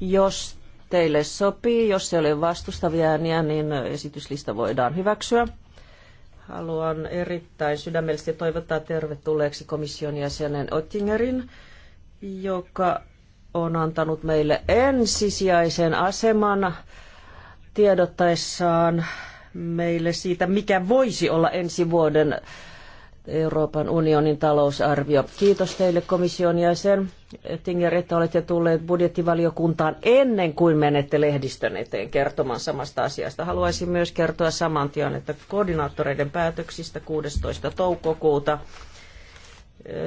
Jos teille sopii, jos ei ole vastustavia ääniä, niin esityslista voidaan hyväksyä. Haluan erittäin sydämellisesti toivottaa tervetulleeksi komission jäsenen Ottingerin, joka on antanut meille ensisijaisen aseman tiedottaessaan meille siitä, mikä voisi olla ensi vuoden Euroopan unionin talousarvio. Kiitos teille komission jäsen Tinger, että olette tulleet budjettivaliokuntaan ennen kuin menette lehdistön eteen kertomaan samasta asiasta. Haluaisin myös kertoa saman tien, että koordinaattoreiden päätöksistä 16. toukokuuta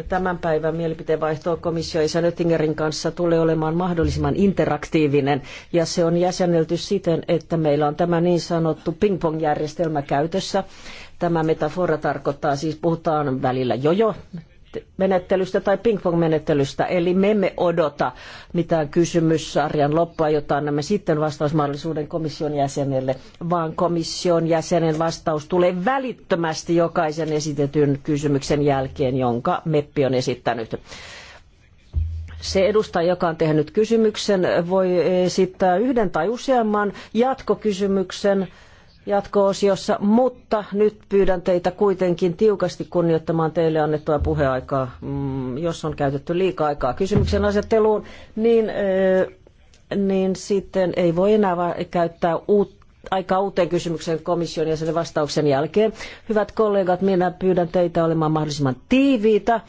tämän päivän mielipiteenvaihto komission isän Oettingerin kanssa tulee olemaan mahdollisimman interaktiivinen ja se on jäsennelty siten, että meillä on tämä niin sanottu ping-pong-järjestelmä käytössä. Tämä metafora tarkoittaa siis, puhutaan välillä jojo menettelystä tai ping-pong-menettelystä. Eli me emme odota mitään kysymyssarjan loppua, jota annamme sitten vastausmahdollisuuden komission jäsenelle, vaan komission jäsenen vastaus tulee välittömästi jokaisen esitetyn kysymyksen jälkeen, jonka MEPPI on esittänyt. Se edustaja, joka on tehnyt kysymyksen, voi esittää yhden tai useamman jatkokysymyksen jatko-osiossa, mutta nyt pyydän teitä kuitenkin tiukasti kunnioittamaan teille annettua puheaikaa, mm, jos on käytetty liikaa aikaa kysymyksen asetteluun, niin, niin sitten ei voi enää käyttää uutta aikaa uuteen kysymykseen komission ja sen vastauksen jälkeen. Hyvät kollegat, minä pyydän teitä olemaan mahdollisimman tiiviitä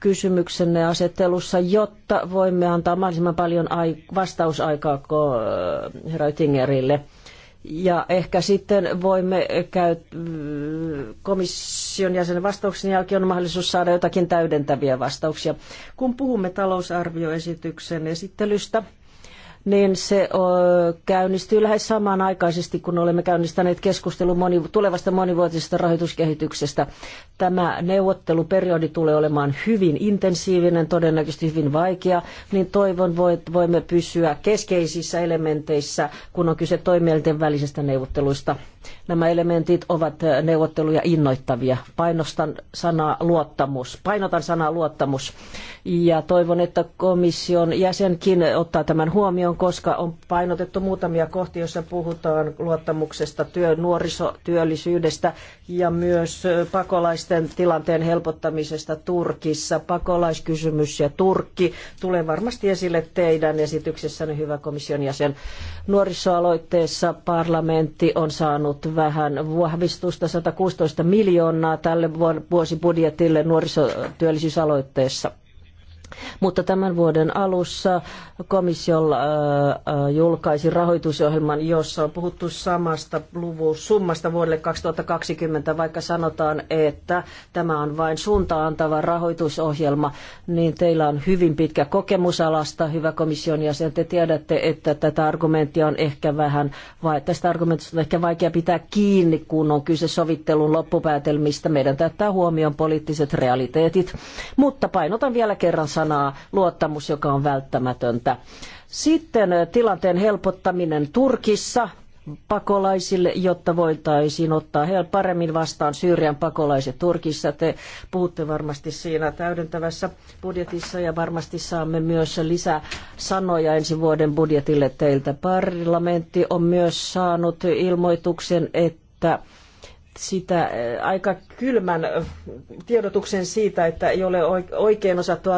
kysymyksenne asettelussa, jotta voimme antaa mahdollisimman paljon vastausaikaa herra Tingerille. Ja ehkä sitten voimme käyttää komission jäsenen vastauksen jälkeen on mahdollisuus saada jotakin täydentäviä vastauksia. Kun puhumme talousarvioesityksen esittelystä, niin se käynnistyy lähes samanaikaisesti, kun olemme käynnistäneet keskustelun moni, tulevasta monivuotisesta rahoituskehityksestä. Tämä neuvotteluperiodi tulee olemaan hyvin intensiivinen, todennäköisesti hyvin vaikea, niin toivon voimme pysyä keskeisissä elementeissä, kun on kyse toimielinten välisestä neuvotteluista. Nämä elementit ovat neuvotteluja innoittavia. Painostan sanaa luottamus. Painotan sanaa luottamus ja toivon, että komission jäsenkin ottaa tämän huomioon, koska on painotettu muutamia kohtia, joissa puhutaan luottamuksesta, työ, nuorisotyöllisyydestä ja myös pakolaisten tilanteen helpottamisesta Turkissa. Pakolaiskysymys ja Turkki tulee varmasti esille teidän esityksessänne, hyvä komission jäsen. Nuorisoaloitteessa parlamentti on saanut vähän vahvistusta 116 miljoonaa tälle vuosibudjetille nuorisotyöllisyysaloitteessa. Mutta tämän vuoden alussa komissio äh, äh, julkaisi rahoitusohjelman, jossa on puhuttu samasta summasta vuodelle 2020, vaikka sanotaan, että tämä on vain suuntaantava antava rahoitusohjelma, niin teillä on hyvin pitkä kokemus alasta, hyvä komission jäsen. Te tiedätte, että tätä argumenttia on ehkä vähän, vai tästä argumentista on ehkä vaikea pitää kiinni, kun on kyse sovittelun loppupäätelmistä. Meidän täyttää huomioon poliittiset realiteetit. Mutta painotan vielä kerran sanoa, sanaa luottamus, joka on välttämätöntä. Sitten tilanteen helpottaminen Turkissa pakolaisille, jotta voitaisiin ottaa paremmin vastaan Syyrian pakolaiset Turkissa. Te puhutte varmasti siinä täydentävässä budjetissa ja varmasti saamme myös lisää sanoja ensi vuoden budjetille teiltä. Parlamentti on myös saanut ilmoituksen, että sitä eh, aika kylmän tiedotuksen siitä, että ei ole oikein osattu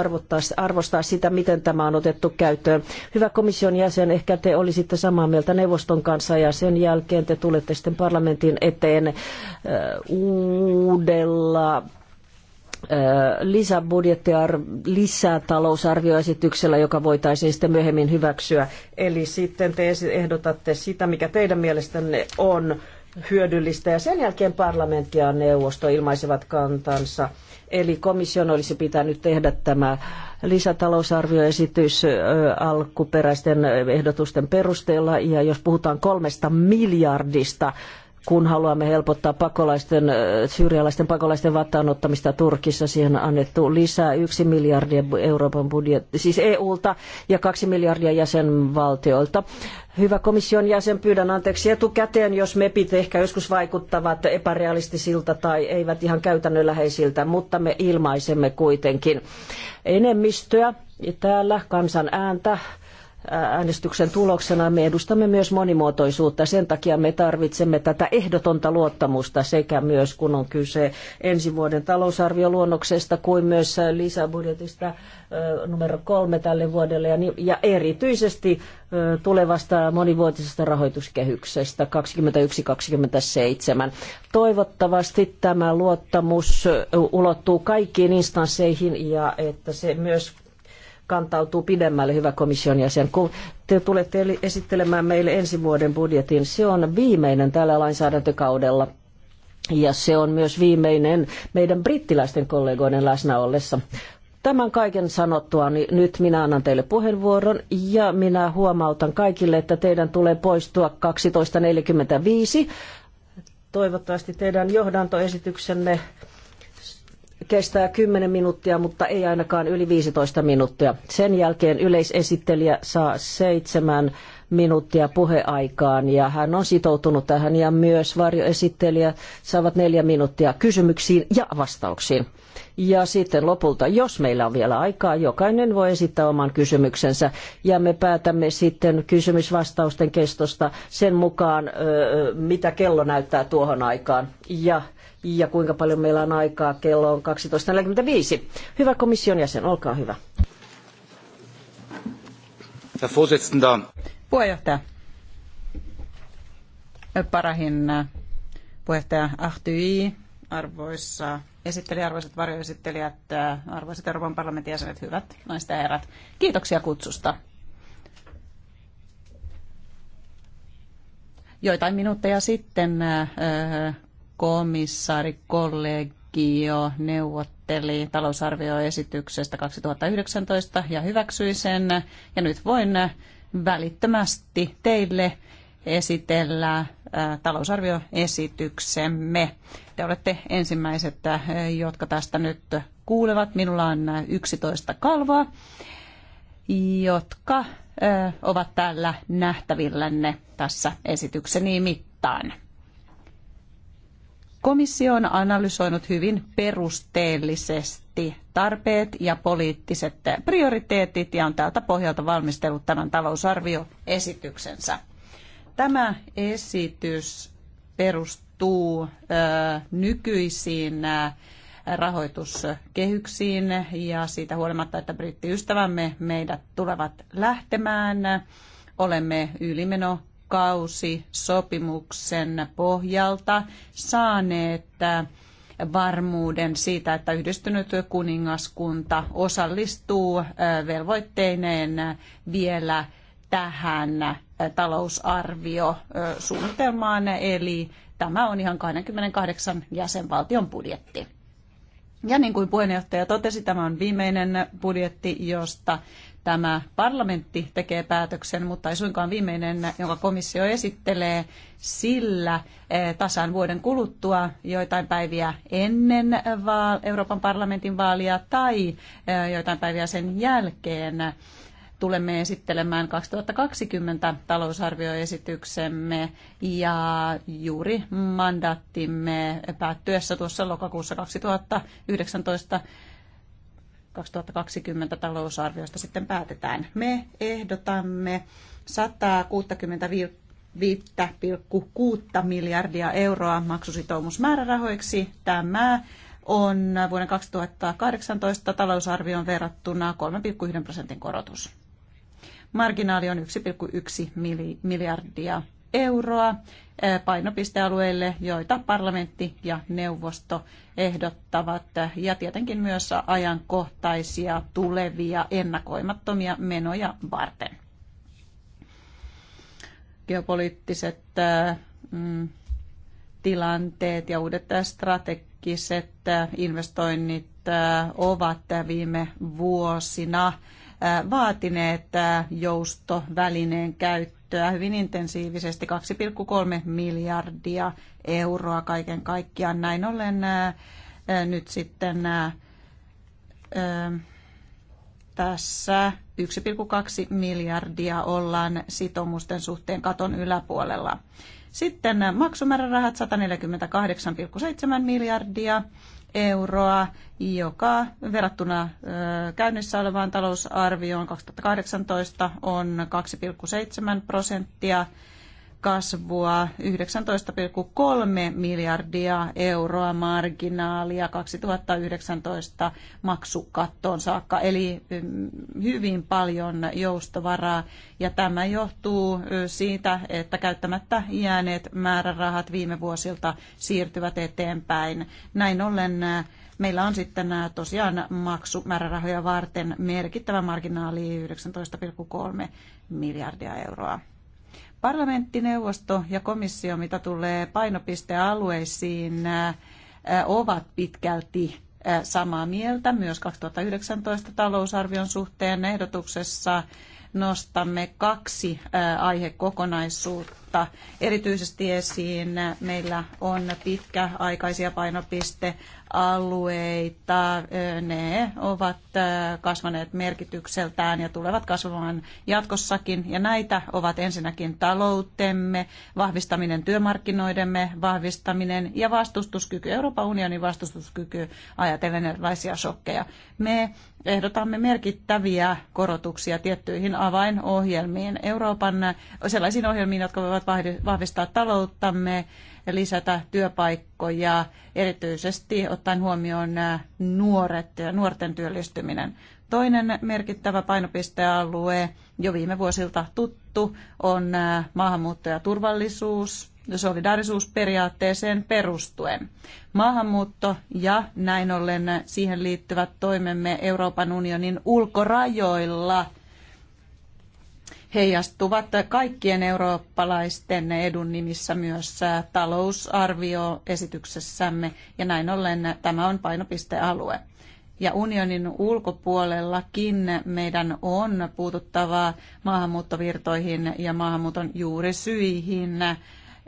arvostaa sitä, miten tämä on otettu käyttöön. Hyvä komission jäsen, ehkä te olisitte samaa mieltä neuvoston kanssa ja sen jälkeen te tulette sitten parlamentin eteen eh, uudella eh, lisäbudjettiar- lisätalousarvioesityksellä, joka voitaisiin sitten myöhemmin hyväksyä. Eli sitten te ehdotatte sitä, mikä teidän mielestänne on hyödyllistä. Ja sen jälkeen parlamentti ja neuvosto ilmaisivat kantansa. Eli komission olisi pitänyt tehdä tämä lisätalousarvioesitys alkuperäisten ehdotusten perusteella. Ja jos puhutaan kolmesta miljardista kun haluamme helpottaa pakolaisten, syyrialaisten pakolaisten vastaanottamista Turkissa. Siihen on annettu lisää yksi miljardia Euroopan budjetti, siis EUlta ja kaksi miljardia jäsenvaltioilta. Hyvä komission jäsen, pyydän anteeksi etukäteen, jos MEPit ehkä joskus vaikuttavat epärealistisilta tai eivät ihan käytännönläheisiltä, mutta me ilmaisemme kuitenkin enemmistöä ja täällä kansan ääntä äänestyksen tuloksena me edustamme myös monimuotoisuutta. Sen takia me tarvitsemme tätä ehdotonta luottamusta sekä myös kun on kyse ensi vuoden talousarvioluonnoksesta kuin myös lisäbudjetista numero kolme tälle vuodelle ja, ja erityisesti tulevasta monivuotisesta rahoituskehyksestä 21-27. Toivottavasti tämä luottamus ulottuu kaikkiin instansseihin ja että se myös kantautuu pidemmälle, hyvä komission jäsen. Kun te tulette esittelemään meille ensi vuoden budjetin, se on viimeinen tällä lainsäädäntökaudella. Ja se on myös viimeinen meidän brittiläisten kollegoiden läsnä ollessa. Tämän kaiken sanottua niin nyt minä annan teille puheenvuoron ja minä huomautan kaikille, että teidän tulee poistua 12.45. Toivottavasti teidän johdantoesityksenne kestää 10 minuuttia, mutta ei ainakaan yli 15 minuuttia. Sen jälkeen yleisesittelijä saa seitsemän minuuttia puheaikaan ja hän on sitoutunut tähän ja myös varjoesittelijä saavat neljä minuuttia kysymyksiin ja vastauksiin. Ja sitten lopulta, jos meillä on vielä aikaa, jokainen voi esittää oman kysymyksensä ja me päätämme sitten kysymysvastausten kestosta sen mukaan, mitä kello näyttää tuohon aikaan. Ja ja kuinka paljon meillä on aikaa kello on 12.45. Hyvä komission jäsen, olkaa hyvä. Puheenjohtaja. Parahin äh, puheenjohtaja Ahtyi, arvoissa esittelijä, arvoisat varjoesittelijät, äh, arvoisat Euroopan parlamentin jäsenet, hyvät naiset ja herrat. Kiitoksia kutsusta. Joitain minuutteja sitten äh, komissaari, kollegio neuvotteli talousarvioesityksestä 2019 ja hyväksyi sen. Ja nyt voin välittömästi teille esitellä talousarvioesityksemme. Te olette ensimmäiset, jotka tästä nyt kuulevat. Minulla on 11 kalvoa, jotka ovat täällä nähtävillänne tässä esitykseni mittaan. Komissio on analysoinut hyvin perusteellisesti tarpeet ja poliittiset prioriteetit ja on tältä pohjalta valmistellut tämän talousarvioesityksensä. Tämä esitys perustuu nykyisiin rahoituskehyksiin ja siitä huolimatta, että brittiystävämme meidät tulevat lähtemään, olemme ylimeno kausi sopimuksen pohjalta saaneet varmuuden siitä, että yhdistynyt kuningaskunta osallistuu äh, velvoitteineen vielä tähän äh, talousarviosuunnitelmaan, eli tämä on ihan 28 jäsenvaltion budjetti. Ja niin kuin puheenjohtaja totesi, tämä on viimeinen budjetti, josta tämä parlamentti tekee päätöksen, mutta ei suinkaan viimeinen, jonka komissio esittelee, sillä eh, tasan vuoden kuluttua joitain päiviä ennen Euroopan parlamentin vaalia tai eh, joitain päiviä sen jälkeen tulemme esittelemään 2020 talousarvioesityksemme ja juuri mandaattimme päättyessä tuossa lokakuussa 2019 2020 talousarviosta sitten päätetään. Me ehdotamme 165,6 miljardia euroa maksusitoumusmäärärahoiksi. Tämä on vuoden 2018 talousarvioon verrattuna 3,1 prosentin korotus. Marginaali on 1,1 miljardia euroa painopistealueille, joita parlamentti ja neuvosto ehdottavat, ja tietenkin myös ajankohtaisia tulevia ennakoimattomia menoja varten. Geopoliittiset mm, tilanteet ja uudet strategiset investoinnit ovat viime vuosina vaatineet joustovälineen käyttöä käyttöä hyvin intensiivisesti 2,3 miljardia euroa kaiken kaikkiaan. Näin ollen nyt sitten tässä 1,2 miljardia ollaan sitomusten suhteen katon yläpuolella. Sitten maksumäärärahat 148,7 miljardia euroa, joka verrattuna käynnissä olevaan talousarvioon 2018 on 2,7 prosenttia kasvua 19,3 miljardia euroa marginaalia 2019 maksukattoon saakka, eli mm, hyvin paljon joustovaraa. Ja tämä johtuu siitä, että käyttämättä jääneet määrärahat viime vuosilta siirtyvät eteenpäin. Näin ollen meillä on sitten tosiaan maksumäärärahoja varten merkittävä marginaali 19,3 miljardia euroa. Parlamenttineuvosto ja komissio, mitä tulee painopistealueisiin, äh, äh, ovat pitkälti äh, samaa mieltä myös 2019 talousarvion suhteen ehdotuksessa nostamme kaksi aihekokonaisuutta. Erityisesti esiin meillä on pitkäaikaisia painopiste alueita. Ne ovat kasvaneet merkitykseltään ja tulevat kasvamaan jatkossakin. Ja näitä ovat ensinnäkin taloutemme, vahvistaminen työmarkkinoidemme, vahvistaminen ja vastustuskyky, Euroopan unionin vastustuskyky ajatellen erilaisia shokkeja. Me ehdotamme merkittäviä korotuksia tiettyihin avainohjelmiin, Euroopan sellaisiin ohjelmiin, jotka voivat vahvistaa talouttamme, lisätä työpaikkoja, erityisesti ottaen huomioon äh, nuoret ja nuorten työllistyminen. Toinen merkittävä painopistealue, jo viime vuosilta tuttu, on äh, maahanmuutto ja turvallisuus, solidaarisuusperiaatteeseen perustuen. Maahanmuutto ja näin ollen siihen liittyvät toimemme Euroopan unionin ulkorajoilla – heijastuvat kaikkien eurooppalaisten edun nimissä myös talousarvioesityksessämme ja näin ollen tämä on painopistealue. Ja unionin ulkopuolellakin meidän on puututtava maahanmuuttovirtoihin ja maahanmuuton juurisyihin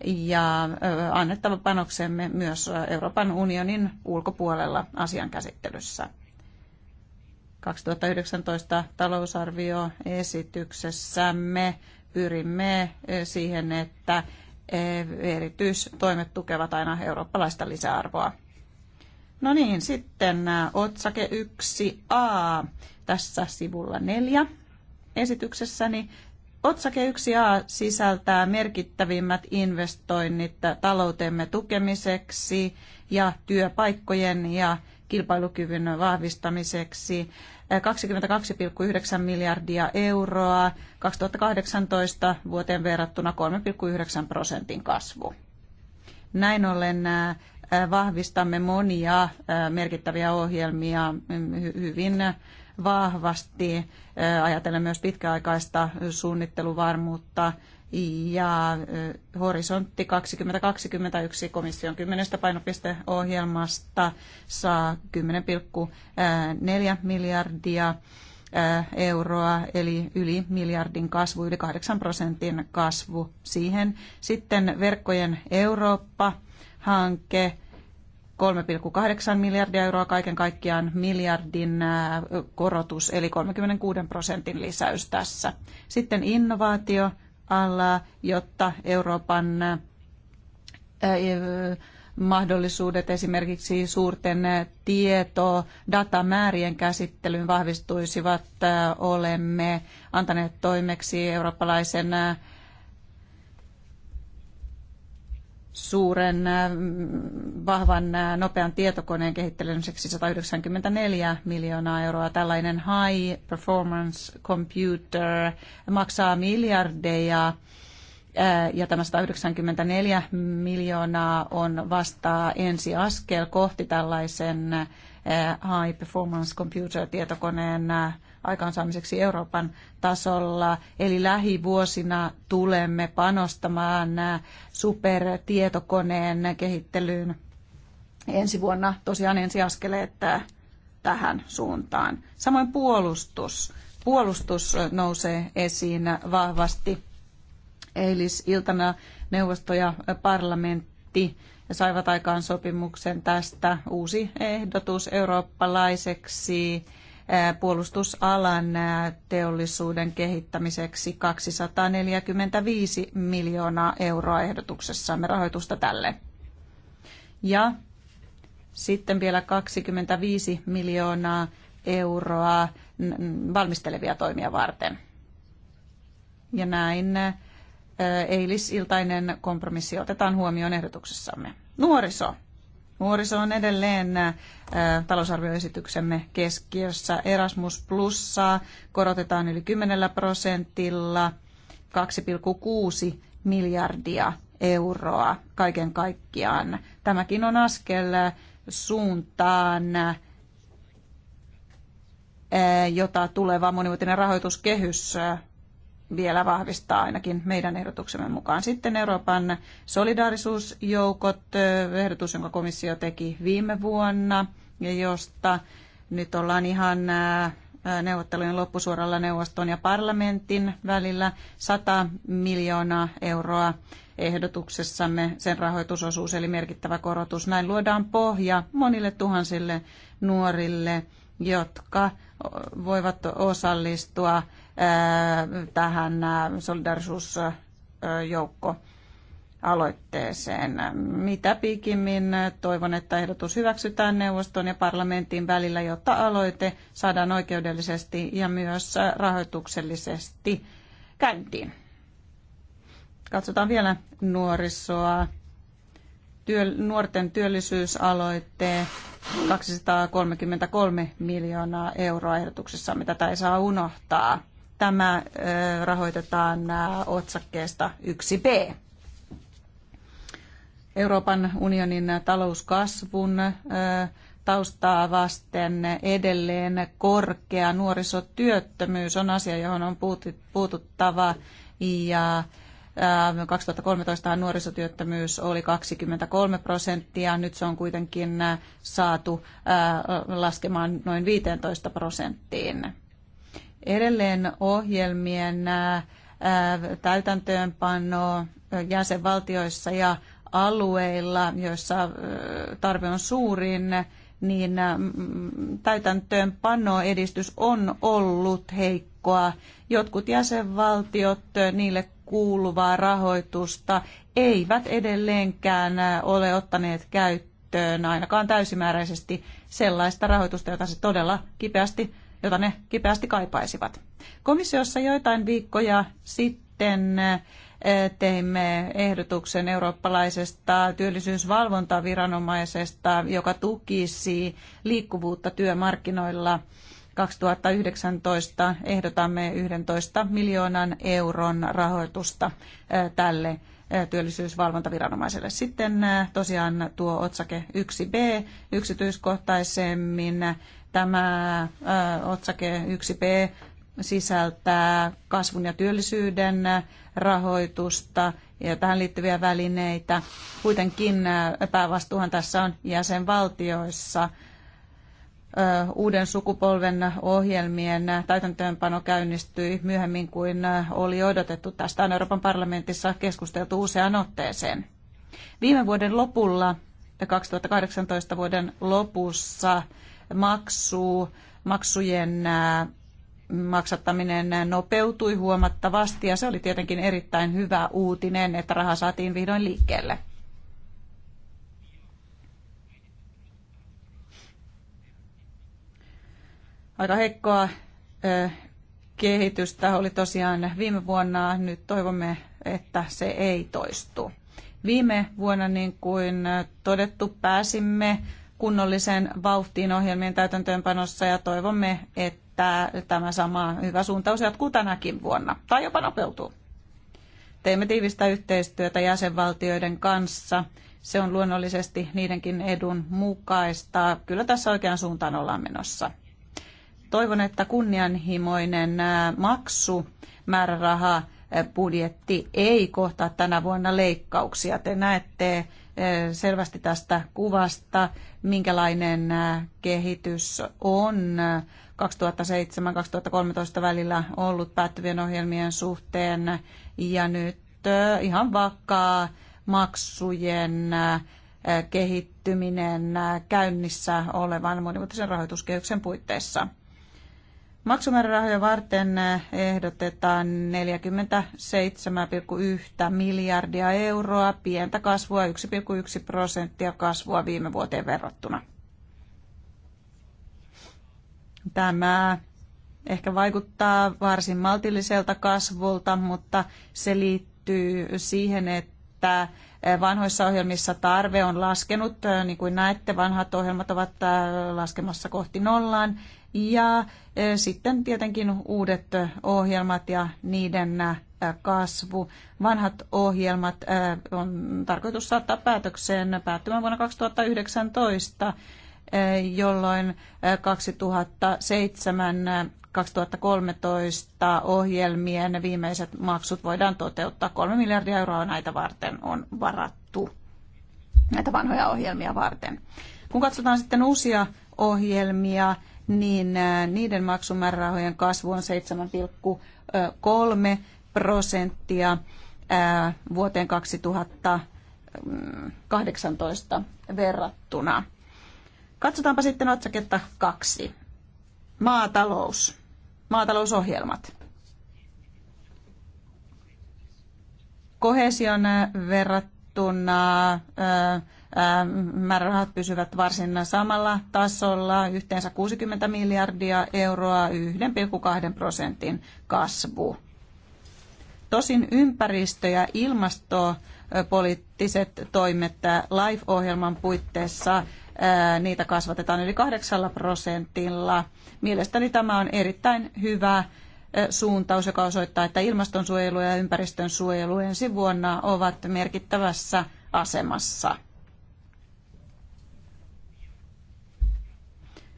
ja annettava panoksemme myös Euroopan unionin ulkopuolella asian käsittelyssä. 2019 talousarvioesityksessämme pyrimme eh, siihen, että eh, erityistoimet tukevat aina eurooppalaista lisäarvoa. No niin, sitten eh, otsake 1a tässä sivulla 4 esityksessäni. Otsake 1a sisältää merkittävimmät investoinnit taloutemme tukemiseksi ja työpaikkojen ja kilpailukyvyn vahvistamiseksi. 22,9 miljardia euroa 2018 vuoteen verrattuna 3,9 prosentin kasvu. Näin ollen vahvistamme monia merkittäviä ohjelmia hyvin vahvasti. Ajatellen myös pitkäaikaista suunnitteluvarmuutta, ja Horisontti 2021 komission 10 painopisteohjelmasta saa 10,4 miljardia euroa, eli yli miljardin kasvu, yli 8 prosentin kasvu siihen. Sitten verkkojen Eurooppa-hanke, 3,8 miljardia euroa kaiken kaikkiaan miljardin korotus, eli 36 prosentin lisäys tässä. Sitten innovaatio, alla, jotta Euroopan e, mahdollisuudet esimerkiksi suurten tieto- datamäärien käsittelyyn vahvistuisivat. Olemme antaneet toimeksi eurooppalaisen suuren, äh, vahvan, äh, nopean tietokoneen kehittelemiseksi 194 miljoonaa euroa. Tällainen high performance computer maksaa miljardeja äh, ja tämä 194 miljoonaa on vasta ensiaskel kohti tällaisen high performance computer tietokoneen aikaansaamiseksi Euroopan tasolla. Eli lähivuosina tulemme panostamaan supertietokoneen kehittelyyn ensi vuonna tosiaan ensiaskeleet tähän suuntaan. Samoin puolustus. Puolustus nousee esiin vahvasti. Eilisiltana neuvosto ja parlamentti saivat aikaan sopimuksen tästä uusi ehdotus eurooppalaiseksi puolustusalan teollisuuden kehittämiseksi 245 miljoonaa euroa ehdotuksessamme rahoitusta tälle. Ja sitten vielä 25 miljoonaa euroa valmistelevia toimia varten. Ja näin eilisiltainen kompromissi otetaan huomioon ehdotuksessamme. Nuoriso. Nuoriso on edelleen äh, talousarvioesityksemme keskiössä. Erasmus Plussaa korotetaan yli 10 prosentilla 2,6 miljardia euroa kaiken kaikkiaan. Tämäkin on askel äh, suuntaan, äh, jota tuleva monivuotinen rahoituskehys vielä vahvistaa ainakin meidän ehdotuksemme mukaan. Sitten Euroopan solidaarisuusjoukot, ehdotus, jonka komissio teki viime vuonna ja josta nyt ollaan ihan neuvottelujen loppusuoralla neuvoston ja parlamentin välillä 100 miljoonaa euroa ehdotuksessamme sen rahoitusosuus eli merkittävä korotus. Näin luodaan pohja monille tuhansille nuorille, jotka voivat osallistua tähän solidarisuusjoukko aloitteeseen. Mitä pikimmin toivon, että ehdotus hyväksytään neuvoston ja parlamentin välillä, jotta aloite saadaan oikeudellisesti ja myös rahoituksellisesti käyntiin. Katsotaan vielä nuorisoa. Työ, nuorten työllisyysaloite 233 miljoonaa euroa ehdotuksessa, mitä tätä ei saa unohtaa tämä rahoitetaan otsakkeesta 1b. Euroopan unionin talouskasvun taustaa vasten edelleen korkea nuorisotyöttömyys on asia, johon on puututtava ja 2013 nuorisotyöttömyys oli 23 prosenttia, nyt se on kuitenkin saatu laskemaan noin 15 prosenttiin edelleen ohjelmien täytäntöönpano jäsenvaltioissa ja alueilla, joissa tarve on suurin, niin täytäntöönpano edistys on ollut heikkoa. Jotkut jäsenvaltiot, niille kuuluvaa rahoitusta eivät edelleenkään ole ottaneet käyttöön ainakaan täysimääräisesti sellaista rahoitusta, jota se todella kipeästi jota ne kipeästi kaipaisivat. Komissiossa joitain viikkoja sitten eh, teimme ehdotuksen eurooppalaisesta työllisyysvalvontaviranomaisesta, joka tukisi liikkuvuutta työmarkkinoilla. 2019 ehdotamme 11 miljoonan euron rahoitusta eh, tälle työllisyysvalvontaviranomaiselle. Sitten tosiaan tuo otsake 1b yksityiskohtaisemmin. Tämä otsake 1b sisältää kasvun ja työllisyyden rahoitusta ja tähän liittyviä välineitä. Kuitenkin päävastuuhan tässä on jäsenvaltioissa uuden sukupolven ohjelmien täytäntöönpano käynnistyi myöhemmin kuin oli odotettu. Tästä on Euroopan parlamentissa keskusteltu useaan otteeseen. Viime vuoden lopulla, 2018 vuoden lopussa, maksu, maksujen maksattaminen nopeutui huomattavasti ja se oli tietenkin erittäin hyvä uutinen, että raha saatiin vihdoin liikkeelle. aika heikkoa kehitystä oli tosiaan viime vuonna. Nyt toivomme, että se ei toistu. Viime vuonna, niin kuin todettu, pääsimme kunnollisen vauhtiin ohjelmien täytäntöönpanossa ja toivomme, että tämä sama hyvä suuntaus jatkuu tänäkin vuonna tai jopa nopeutuu. Teemme tiivistä yhteistyötä jäsenvaltioiden kanssa. Se on luonnollisesti niidenkin edun mukaista. Kyllä tässä oikean suuntaan ollaan menossa toivon, että kunnianhimoinen maksu määräraha budjetti ei kohtaa tänä vuonna leikkauksia. Te näette selvästi tästä kuvasta, minkälainen kehitys on 2007-2013 välillä ollut päättyvien ohjelmien suhteen ja nyt ihan vakaa maksujen kehittyminen käynnissä olevan monimuotoisen rahoituskehyksen puitteissa. Maksumäärärahoja varten eh, ehdotetaan 47,1 miljardia euroa, pientä kasvua 1,1 prosenttia kasvua viime vuoteen verrattuna. Tämä ehkä vaikuttaa varsin maltilliselta kasvulta, mutta se liittyy siihen, että vanhoissa ohjelmissa tarve on laskenut. Äh, niin kuin näette, vanhat ohjelmat ovat äh, laskemassa kohti nollaan. Ja äh, sitten tietenkin uudet ohjelmat ja niiden kasvu. Vanhat ohjelmat on tarkoitus saattaa päätökseen päättymään vuonna 2019 jolloin 2007 2013 ohjelmien viimeiset maksut voidaan toteuttaa. 3 miljardia euroa näitä varten on varattu, näitä vanhoja ohjelmia varten. Kun katsotaan sitten uusia ohjelmia, niin äh, niiden maksumäärärahojen kasvu on 7,3 prosenttia äh, vuoteen 2018 verrattuna. Katsotaanpa sitten otsaketta kaksi. Maatalous maatalousohjelmat. Kohesion äh, verrattuna äh, äh, määrärahat pysyvät varsin samalla tasolla, yhteensä 60 miljardia euroa, 1,2 prosentin kasvu. Tosin ympäristö- ja ilmastopoliittiset toimet LIFE-ohjelman puitteissa niitä kasvatetaan yli 8 prosentilla. Mielestäni tämä on erittäin hyvä suuntaus, joka osoittaa, että ilmastonsuojelu ja ympäristön suojelu ensi vuonna ovat merkittävässä asemassa.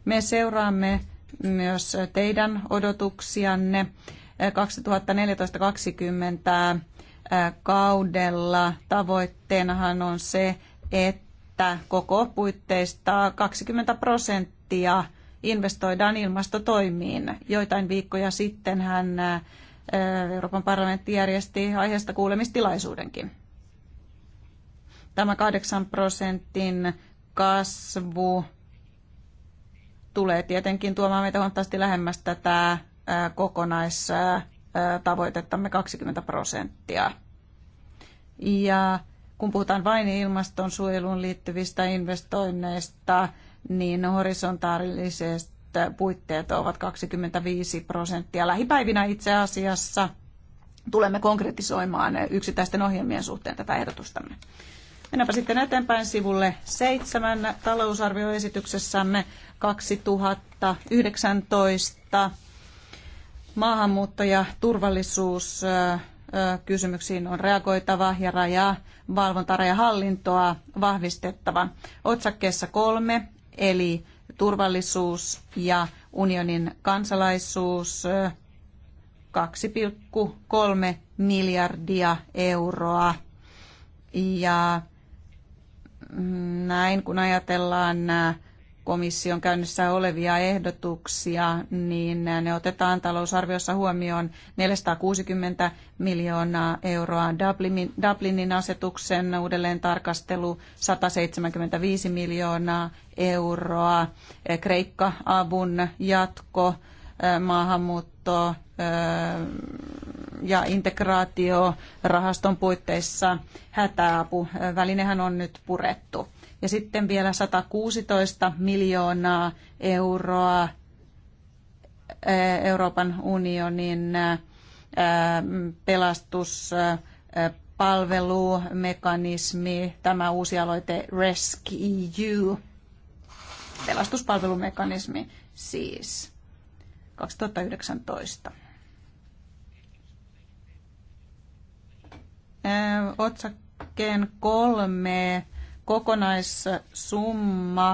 Me seuraamme myös teidän odotuksianne 2014-2020 kaudella. Tavoitteenahan on se, että että koko puitteista 20 prosenttia investoidaan ilmastotoimiin. Joitain viikkoja sitten hän Euroopan parlamentti järjesti aiheesta kuulemistilaisuudenkin. Tämä 8 prosentin kasvu tulee tietenkin tuomaan meitä huomattavasti lähemmäs tätä kokonaistavoitettamme 20 prosenttia. Ja kun puhutaan vain ilmastonsuojeluun liittyvistä investoinneista, niin horisontaaliset puitteet ovat 25 prosenttia. Lähipäivinä itse asiassa tulemme konkretisoimaan yksittäisten ohjelmien suhteen tätä ehdotustamme. Mennäänpä sitten eteenpäin sivulle seitsemän talousarvioesityksessämme 2019 maahanmuutto- ja turvallisuus kysymyksiin on reagoitava ja rajaa valvontaa ja hallintoa vahvistettava. Otsakkeessa kolme, eli turvallisuus ja unionin kansalaisuus 2,3 miljardia euroa. Ja mm, näin kun ajatellaan nämä komission käynnissä olevia ehdotuksia, niin ne otetaan talousarviossa huomioon 460 miljoonaa euroa. Dublinin, Dublinin asetuksen uudelleen tarkastelu 175 miljoonaa euroa. Kreikka-avun jatko, maahanmuutto ja integraatio rahaston puitteissa hätäapu. Välinehän on nyt purettu. Ja sitten vielä 116 miljoonaa euroa eh, Euroopan unionin eh, pelastuspalvelumekanismi, eh, tämä uusi aloite RESC-EU, pelastuspalvelumekanismi siis 2019. Otsakkeen kolme kokonaissumma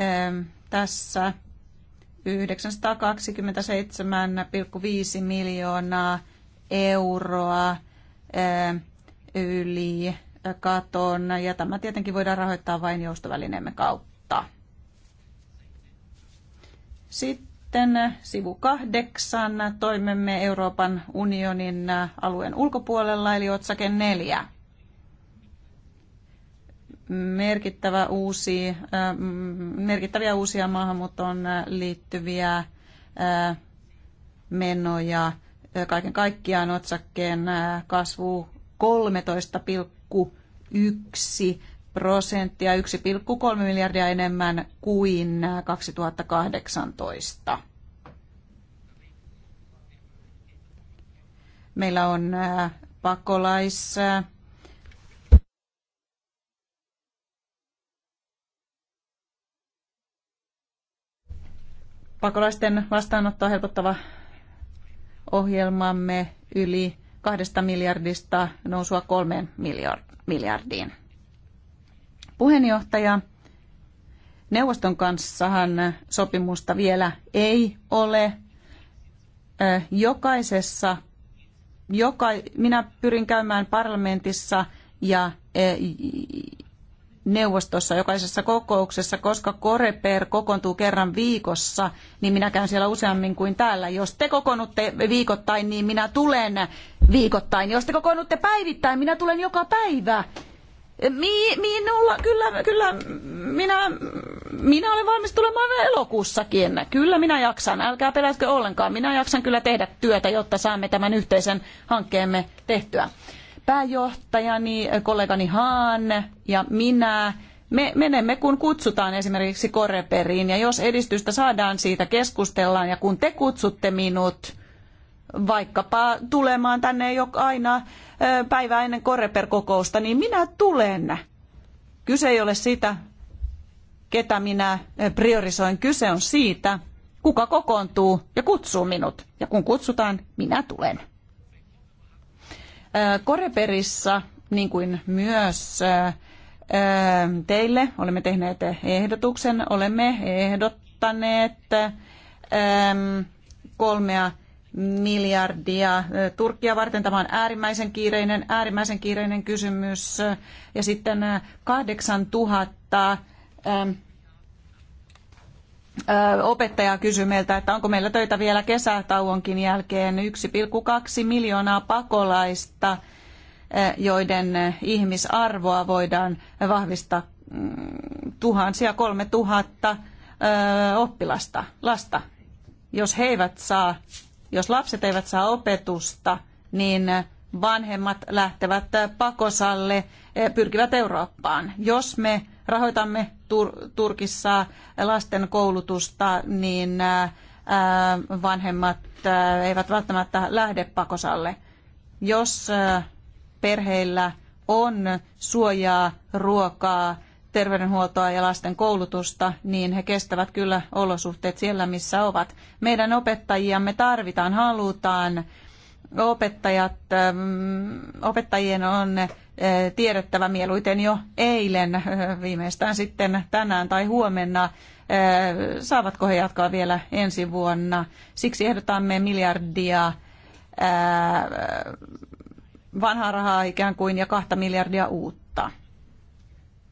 ähm, tässä 927,5 miljoonaa euroa ähm, yli katon, ja tämä tietenkin voidaan rahoittaa vain joustovälineemme kautta. Sitten sivu kahdeksan, toimemme Euroopan unionin alueen ulkopuolella, eli otsake neljä merkittävä uusi, äh, mm, merkittäviä uusia maahanmuuton äh, liittyviä äh, menoja. Kaiken kaikkiaan otsakkeen kasvu 13,1 prosenttia, 1,3 miljardia enemmän kuin 2018. Meillä on pakolais- pakolaisten vastaanottoa helpottava ohjelmamme yli kahdesta miljardista nousua kolmeen miljardiin. Puheenjohtaja, neuvoston kanssahan sopimusta vielä ei ole. Jokaisessa, joka, minä pyrin käymään parlamentissa ja neuvostossa jokaisessa kokouksessa, koska Koreper kokoontuu kerran viikossa, niin minä käyn siellä useammin kuin täällä. Jos te kokoonnutte viikoittain, niin minä tulen viikoittain. Jos te kokoonnutte päivittäin, minä tulen joka päivä. Mi, minulla, kyllä, kyllä, minä, minä olen valmis tulemaan elokuussakin. Kyllä minä jaksan, älkää pelätkö ollenkaan. Minä jaksan kyllä tehdä työtä, jotta saamme tämän yhteisen hankkeemme tehtyä pääjohtajani, kollegani Haan ja minä me menemme, kun kutsutaan esimerkiksi Koreperiin, ja jos edistystä saadaan, siitä keskustellaan, ja kun te kutsutte minut vaikkapa tulemaan tänne jo aina päivää ennen Koreper-kokousta, niin minä tulen. Kyse ei ole siitä, ketä minä priorisoin, kyse on siitä, kuka kokoontuu ja kutsuu minut. Ja kun kutsutaan, minä tulen. Koreperissä, niin kuin myös teille, olemme tehneet ehdotuksen, olemme ehdottaneet kolmea miljardia Turkkia varten. Tämä on äärimmäisen kiireinen, äärimmäisen kiireinen kysymys. Ja sitten 8000 opettaja kysyi meiltä, että onko meillä töitä vielä kesätauonkin jälkeen 1,2 miljoonaa pakolaista, joiden ihmisarvoa voidaan vahvistaa mm, tuhansia, kolme tuhatta oppilasta, lasta. Jos he eivät saa, jos lapset eivät saa opetusta, niin vanhemmat lähtevät pakosalle, pyrkivät Eurooppaan. Jos me rahoitamme Tur- Turkissa lasten koulutusta, niin äh, vanhemmat äh, eivät välttämättä lähde pakosalle. Jos äh, perheillä on suojaa, ruokaa, terveydenhuoltoa ja lasten koulutusta, niin he kestävät kyllä olosuhteet siellä, missä ovat. Meidän opettajiamme tarvitaan, halutaan. Opettajat, ähm, opettajien on Eh, tiedettävä mieluiten jo eilen, eh, viimeistään sitten tänään tai huomenna, eh, saavatko he jatkaa vielä ensi vuonna. Siksi ehdotamme miljardia vanhaa rahaa ikään kuin ja kahta miljardia uutta.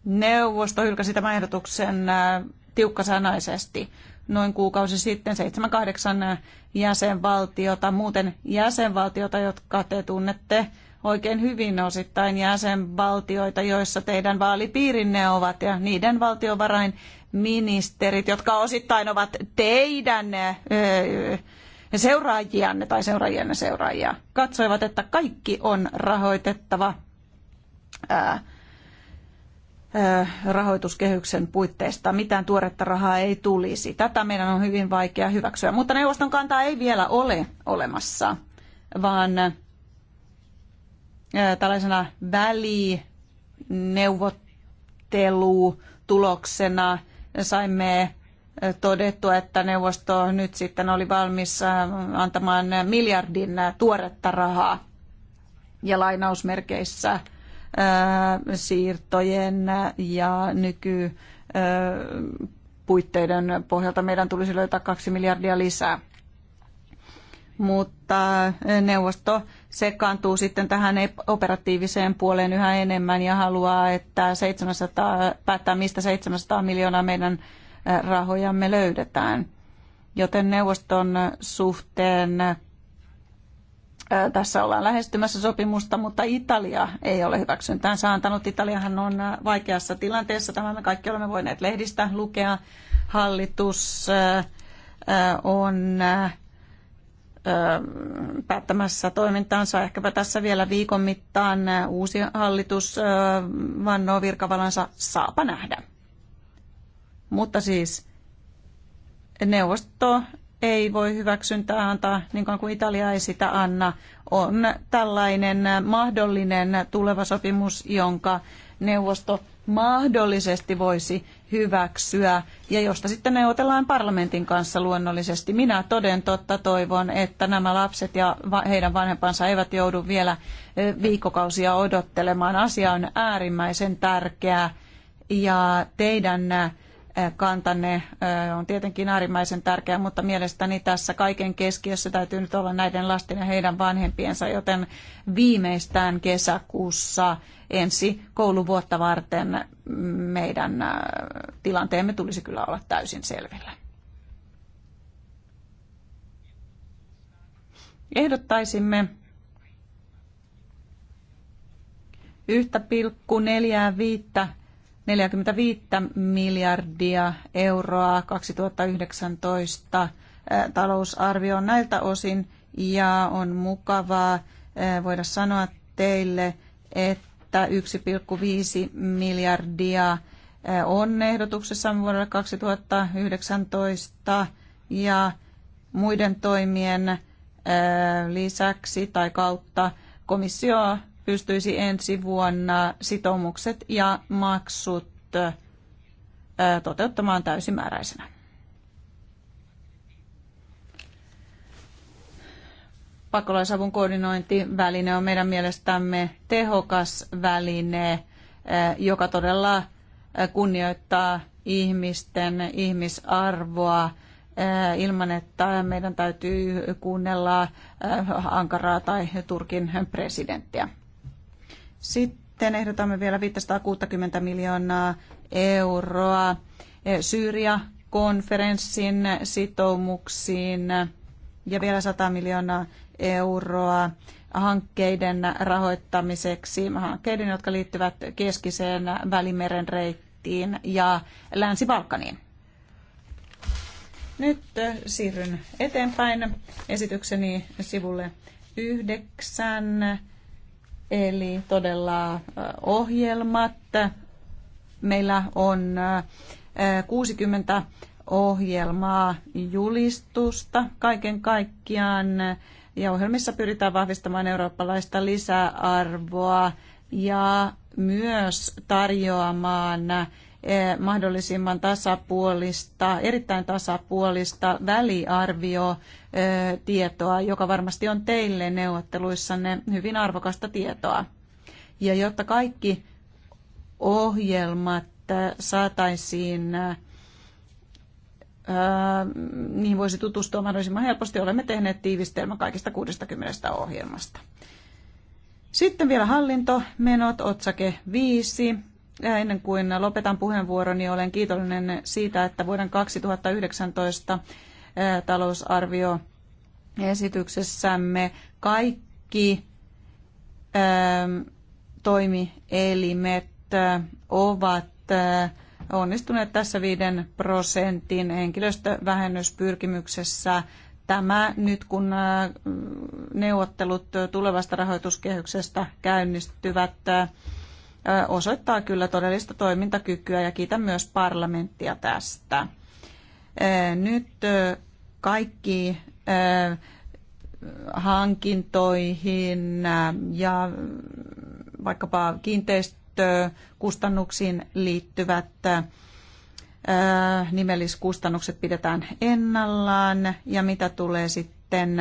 Neuvosto hylkäsi tämän ehdotuksen tiukkasanaisesti noin kuukausi sitten 7-8 jäsenvaltiota, muuten jäsenvaltiota, jotka te tunnette oikein hyvin osittain jäsenvaltioita, joissa teidän vaalipiirinne ovat ja niiden valtiovarainministerit, jotka osittain ovat teidän seuraajianne tai seuraajienne seuraajia, katsoivat, että kaikki on rahoitettava rahoituskehyksen puitteista. Mitään tuoretta rahaa ei tulisi. Tätä meidän on hyvin vaikea hyväksyä, mutta neuvoston kantaa ei vielä ole olemassa, vaan tällaisena välineuvottelutuloksena saimme todettua, että neuvosto nyt sitten oli valmis antamaan miljardin tuoretta rahaa ja lainausmerkeissä siirtojen ja nykypuitteiden pohjalta meidän tulisi löytää kaksi miljardia lisää. Mutta neuvosto sekaantuu sitten tähän operatiiviseen puoleen yhä enemmän ja haluaa, että 700, päättää mistä 700 miljoonaa meidän rahojamme löydetään. Joten neuvoston suhteen tässä ollaan lähestymässä sopimusta, mutta Italia ei ole hyväksyntäänsä antanut. Italiahan on vaikeassa tilanteessa, tämä me kaikki olemme voineet lehdistä lukea. Hallitus on päättämässä toimintaansa. Ehkäpä tässä vielä viikon mittaan uusi hallitus vannoo virkavalansa, saapa nähdä. Mutta siis neuvosto ei voi hyväksyntää antaa, niin kuin Italia ei sitä anna, on tällainen mahdollinen tuleva sopimus, jonka neuvosto mahdollisesti voisi hyväksyä ja josta sitten neuvotellaan parlamentin kanssa luonnollisesti. Minä toden totta toivon, että nämä lapset ja heidän vanhempansa eivät joudu vielä viikkokausia odottelemaan. Asia on äärimmäisen tärkeä ja teidän kantanne on tietenkin äärimmäisen tärkeä, mutta mielestäni tässä kaiken keskiössä täytyy nyt olla näiden lasten ja heidän vanhempiensa, joten viimeistään kesäkuussa ensi kouluvuotta varten meidän tilanteemme tulisi kyllä olla täysin selvillä. Ehdottaisimme 1,45 45 miljardia euroa 2019 on näiltä osin ja on mukavaa voida sanoa teille, että 1,5 miljardia on ehdotuksessa vuodelle 2019 ja muiden toimien lisäksi tai kautta komissio pystyisi ensi vuonna sitoumukset ja maksut toteuttamaan täysimääräisenä. Pakolaisavun koordinointiväline on meidän mielestämme tehokas väline, joka todella kunnioittaa ihmisten ihmisarvoa ilman, että meidän täytyy kuunnella ankaraa tai Turkin presidenttiä. Sitten ehdotamme vielä 560 miljoonaa euroa eh, Syyria-konferenssin sitoumuksiin ja vielä 100 miljoonaa euroa hankkeiden rahoittamiseksi, hankkeiden, jotka liittyvät keskiseen välimeren reittiin ja Länsi-Balkaniin. Nyt eh, siirryn eteenpäin esitykseni sivulle yhdeksän eli todella ohjelmat. Meillä on 60 ohjelmaa, julistusta kaiken kaikkiaan ja ohjelmissa pyritään vahvistamaan eurooppalaista lisäarvoa ja myös tarjoamaan Eh, mahdollisimman tasapuolista, erittäin tasapuolista väliarviotietoa, eh, joka varmasti on teille neuvotteluissanne hyvin arvokasta tietoa. Ja jotta kaikki ohjelmat eh, saataisiin niin voisi tutustua mahdollisimman helposti. Olemme tehneet tiivistelmä kaikista 60 ohjelmasta. Sitten vielä hallintomenot, otsake 5 ennen kuin lopetan puheenvuoroni, niin olen kiitollinen siitä, että vuoden 2019 talousarvioesityksessämme kaikki toimielimet ovat onnistuneet tässä 5 prosentin henkilöstövähennyspyrkimyksessä. Tämä nyt kun neuvottelut tulevasta rahoituskehyksestä käynnistyvät osoittaa kyllä todellista toimintakykyä ja kiitän myös parlamenttia tästä. Nyt kaikki hankintoihin ja vaikkapa kiinteistökustannuksiin liittyvät nimelliskustannukset pidetään ennallaan ja mitä tulee sitten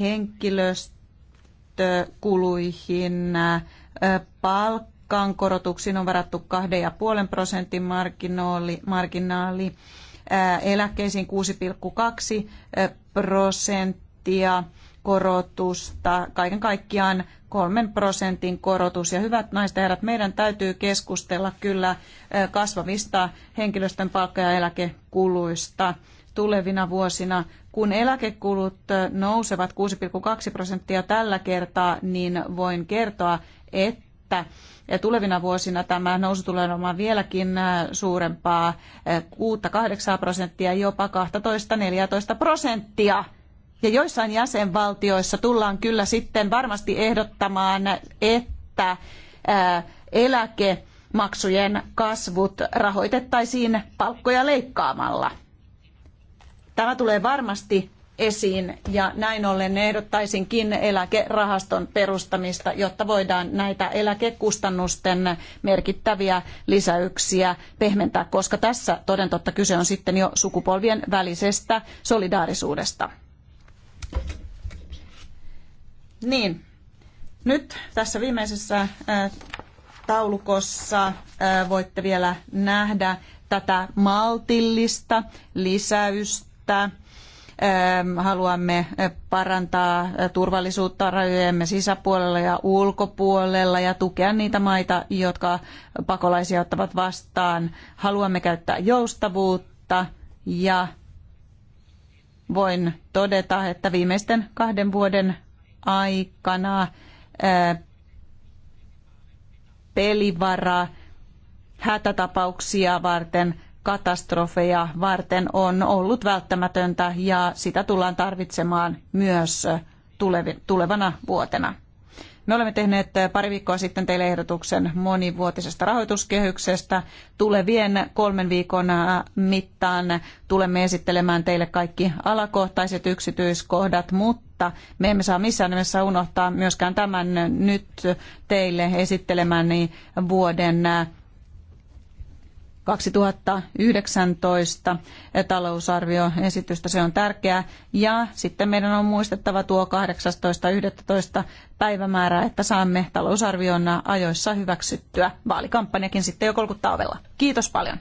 henkilöstökuluihin, palkkoihin, palkkaan korotuksiin on varattu 2,5 prosentin marginaali, marginaali eläkkeisiin 6,2 prosenttia korotusta, kaiken kaikkiaan kolmen prosentin korotus. Ja hyvät naiset ja herrat, meidän täytyy keskustella kyllä kasvavista henkilöstön palkka- ja eläkekuluista tulevina vuosina. Kun eläkekulut nousevat 6,2 prosenttia tällä kertaa, niin voin kertoa, että että tulevina vuosina tämä nousu tulee olemaan vieläkin äh, suurempaa, 6-8 äh, prosenttia, jopa 12-14 prosenttia. Ja joissain jäsenvaltioissa tullaan kyllä sitten varmasti ehdottamaan, että äh, eläkemaksujen kasvut rahoitettaisiin palkkoja leikkaamalla. Tämä tulee varmasti esiin ja näin ollen ehdottaisinkin eläkerahaston perustamista, jotta voidaan näitä eläkekustannusten merkittäviä lisäyksiä pehmentää, koska tässä toden totta kyse on sitten jo sukupolvien välisestä solidaarisuudesta. Niin, nyt tässä viimeisessä äh, taulukossa äh, voitte vielä nähdä tätä maltillista lisäystä haluamme parantaa turvallisuutta rajojemme sisäpuolella ja ulkopuolella ja tukea niitä maita, jotka pakolaisia ottavat vastaan. Haluamme käyttää joustavuutta ja voin todeta, että viimeisten kahden vuoden aikana pelivara hätätapauksia varten – katastrofeja varten on ollut välttämätöntä ja sitä tullaan tarvitsemaan myös tulevana vuotena. Me olemme tehneet pari viikkoa sitten teille ehdotuksen monivuotisesta rahoituskehyksestä. Tulevien kolmen viikon mittaan tulemme esittelemään teille kaikki alakohtaiset yksityiskohdat, mutta me emme saa missään nimessä unohtaa myöskään tämän nyt teille esittelemäni vuoden 2019 talousarvioesitystä. Se on tärkeää. Ja sitten meidän on muistettava tuo 18.11 päivämäärää, että saamme talousarvion ajoissa hyväksyttyä. Vaalikampanjakin sitten jo kolkuttaa ovella. Kiitos paljon.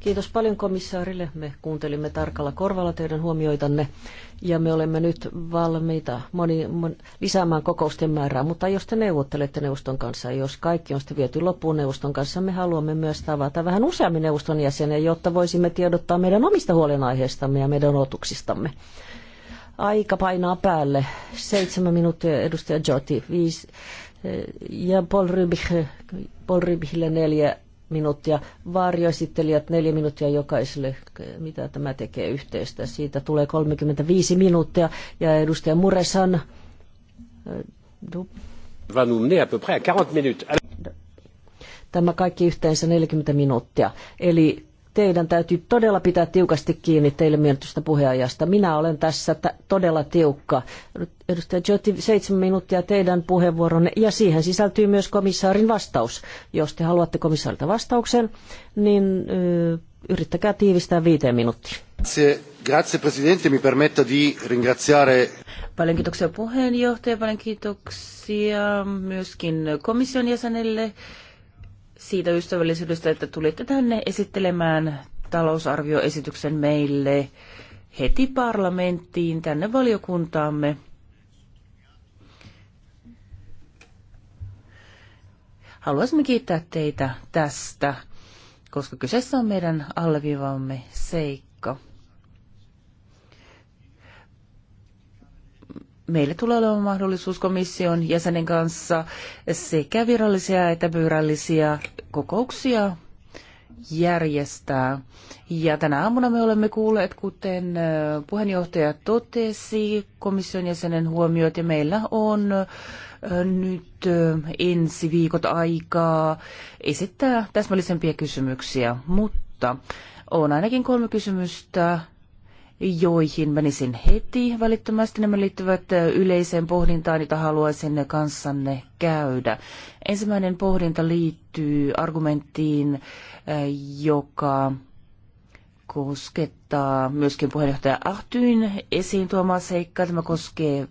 Kiitos paljon komissaarille. Me kuuntelimme tarkalla korvalla teidän huomioitanne ja me olemme nyt valmiita moni, moni, lisäämään kokousten määrää, mutta jos te neuvottelette neuvoston kanssa, jos kaikki on sitten viety loppuun neuvoston kanssa, me haluamme myös tavata vähän useammin neuvoston jäseniä, jotta voisimme tiedottaa meidän omista huolenaiheistamme ja meidän odotuksistamme. Aika painaa päälle. Seitsemän minuuttia edustaja Joti. Viisi. Eh, ja Paul, Rybich, Paul Rybichille neljä minuuttia. Varjoesittelijät neljä minuuttia jokaiselle. Mitä tämä tekee yhteistä? Siitä tulee 35 minuuttia. Ja edustaja Muresan. Eh, Va 40 Tämä kaikki yhteensä 40 minuuttia. Eli teidän täytyy todella pitää tiukasti kiinni teille myöntystä puheajasta. Minä olen tässä todella tiukka. Edustaja Jotti, seitsemän minuuttia teidän puheenvuoronne ja siihen sisältyy myös komissaarin vastaus. Jos te haluatte komissaarilta vastauksen, niin ö, yrittäkää tiivistää viiteen minuuttiin. Grazie, grazie Presidente, mi permetto di ringraziare... Paljon kiitoksia puheenjohtaja, paljon kiitoksia myöskin komission jäsenelle siitä ystävällisyydestä, että tulitte tänne esittelemään talousarvioesityksen meille heti parlamenttiin, tänne valiokuntaamme. Haluaisimme kiittää teitä tästä, koska kyseessä on meidän alleviivaamme seikka meillä tulee olemaan mahdollisuus komission jäsenen kanssa sekä virallisia että pyyrallisia kokouksia järjestää. Ja tänä aamuna me olemme kuulleet, kuten puheenjohtaja totesi, komission jäsenen huomiot, ja meillä on nyt ensi viikot aikaa esittää täsmällisempiä kysymyksiä, mutta on ainakin kolme kysymystä, joihin menisin heti välittömästi. Nämä liittyvät yleiseen pohdintaan, jota haluaisin kanssanne käydä. Ensimmäinen pohdinta liittyy argumenttiin, joka koskettaa myöskin puheenjohtaja ahtyyn esiin tuomaa seikkaa. Tämä koskee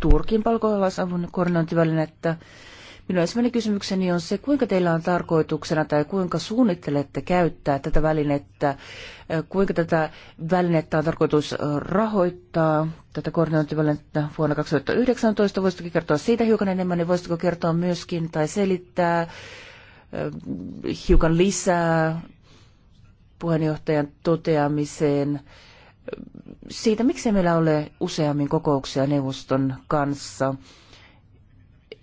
Turkin palkoilaisavun koordinointivälinettä. että Minun ensimmäinen kysymykseni on se, kuinka teillä on tarkoituksena tai kuinka suunnittelette käyttää tätä välinettä, kuinka tätä välinettä on tarkoitus rahoittaa, tätä koordinointivälinettä vuonna 2019. Voisitko kertoa siitä hiukan enemmän, niin voisitko kertoa myöskin tai selittää hiukan lisää puheenjohtajan toteamiseen siitä, miksi meillä ole useammin kokouksia neuvoston kanssa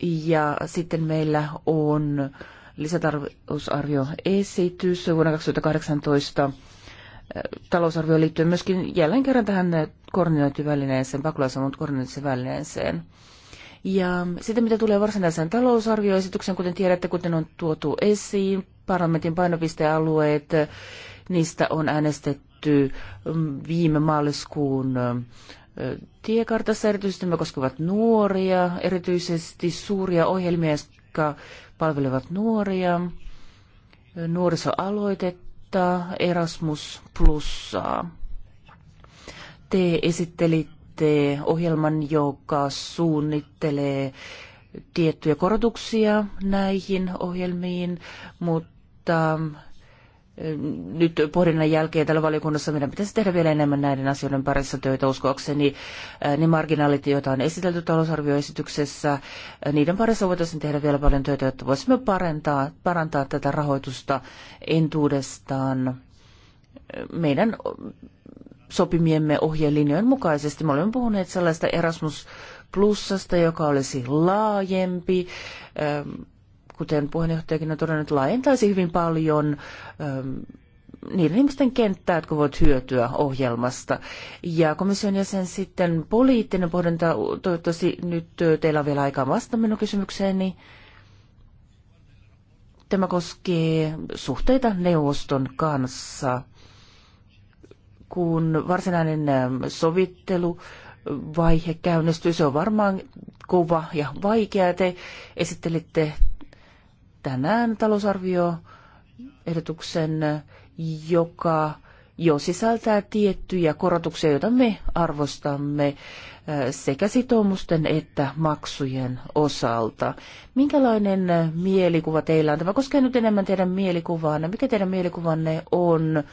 ja sitten meillä on lisätalousarvioesitys vuonna 2018 talousarvio liittyy myöskin jälleen kerran tähän koordinointivälineeseen, pakolaisavun koordinointivälineeseen. Ja sitten mitä tulee varsinaiseen talousarvioesitykseen, kuten tiedätte, kuten on tuotu esiin, parlamentin painopistealueet, niistä on äänestetty mm, viime maaliskuun tiekartassa. Erityisesti nämä koskevat nuoria, erityisesti suuria ohjelmia, jotka palvelevat nuoria, nuorisoaloitetta, Erasmus Plussaa. Te esittelitte ohjelman, joka suunnittelee tiettyjä korotuksia näihin ohjelmiin, mutta nyt pohdinnan jälkeen täällä valiokunnassa meidän pitäisi tehdä vielä enemmän näiden asioiden parissa töitä uskoakseni. Äh, ne marginaalit, joita on esitelty talousarvioesityksessä, äh, niiden parissa voitaisiin tehdä vielä paljon töitä, jotta voisimme parantaa, parantaa tätä rahoitusta entuudestaan meidän sopimiemme ohjelinjojen mukaisesti. Me olemme puhuneet sellaista Erasmus plussasta, joka olisi laajempi, ähm, kuten puheenjohtajakin on todennut, laajentaisi hyvin paljon ähm, niiden ihmisten kenttää, jotka voivat hyötyä ohjelmasta. Ja komission jäsen sitten poliittinen pohdinta, toivottavasti nyt äh, teillä on vielä aikaa vastata minun kysymykseeni. Tämä koskee suhteita neuvoston kanssa, kun varsinainen ähm, sovittelu vaihe käynnistyy. Se on varmaan kova ja vaikea. Te esittelitte tänään talousarvioehdotuksen, joka jo sisältää tiettyjä korotuksia, joita me arvostamme äh, sekä sitoumusten että maksujen osalta. Minkälainen äh, mielikuva teillä on? Tämä koskee nyt enemmän teidän mielikuvaanne. Mikä teidän mielikuvanne on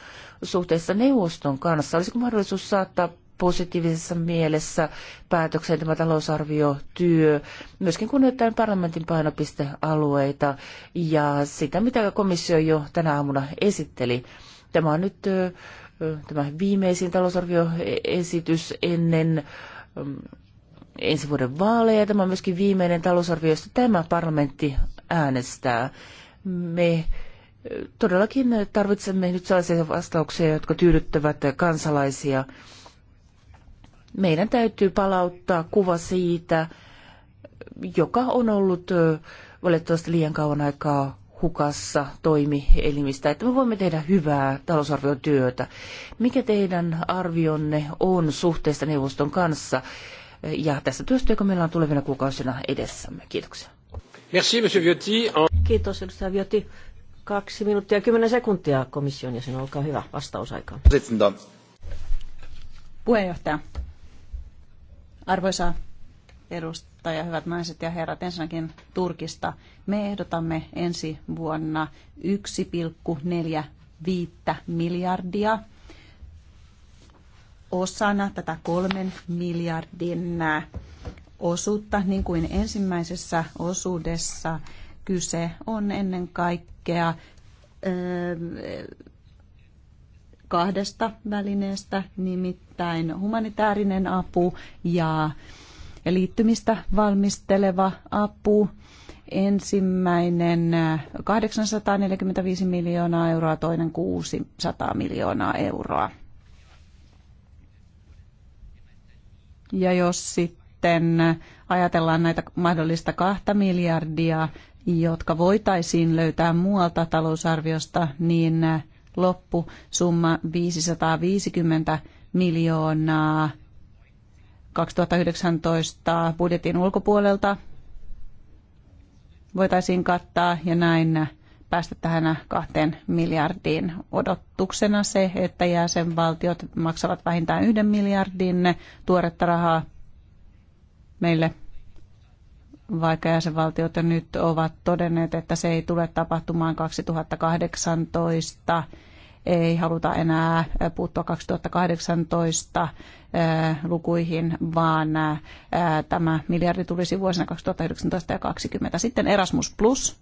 suhteessa neuvoston kanssa? Olisiko mahdollisuus saattaa positiivisessa mielessä päätökseen tämä talousarviotyö, myöskin kunnioittain parlamentin painopistealueita ja sitä, mitä komissio jo tänä aamuna esitteli. Tämä on nyt tämä viimeisin talousarvioesitys ennen mm, ensi vuoden vaaleja. Tämä on myöskin viimeinen talousarvio, josta tämä parlamentti äänestää. Me todellakin tarvitsemme nyt sellaisia vastauksia, jotka tyydyttävät kansalaisia – meidän täytyy palauttaa kuva siitä, joka on ollut valitettavasti liian kauan aikaa hukassa toimielimistä, että me voimme tehdä hyvää talousarviotyötä. Mikä teidän arvionne on suhteesta neuvoston kanssa ja tästä työstä, joka meillä on tulevina kuukausina edessämme? Kiitoksia. Merci, monsieur Viotti. Kiitos, edustaja Viotti. Kaksi minuuttia ja kymmenen sekuntia komission jäsen, olkaa hyvä vastausaikaan. Puheenjohtaja, Arvoisa edustaja, hyvät naiset ja herrat, ensinnäkin Turkista. Me ehdotamme ensi vuonna 1,45 miljardia osana tätä kolmen miljardin osuutta, niin kuin ensimmäisessä osuudessa kyse on ennen kaikkea kahdesta välineestä, nimittäin humanitaarinen apu ja liittymistä valmisteleva apu. Ensimmäinen 845 äh, miljoonaa euroa, toinen 600 miljoonaa euroa. Ja jos sitten ajatellaan näitä mahdollista kahta miljardia, jotka voitaisiin löytää muualta talousarviosta, niin loppusumma 550 miljoonaa 2019 budjetin ulkopuolelta voitaisiin kattaa ja näin päästä tähän kahteen miljardiin. Odotuksena se, että jäsenvaltiot maksavat vähintään yhden miljardin tuoretta rahaa meille, vaikka jäsenvaltiot nyt ovat todenneet, että se ei tule tapahtumaan 2018 ei haluta enää puuttua 2018 eh, lukuihin, vaan eh, tämä miljardi tulisi vuosina 2019 ja 2020. Sitten Erasmus Plus.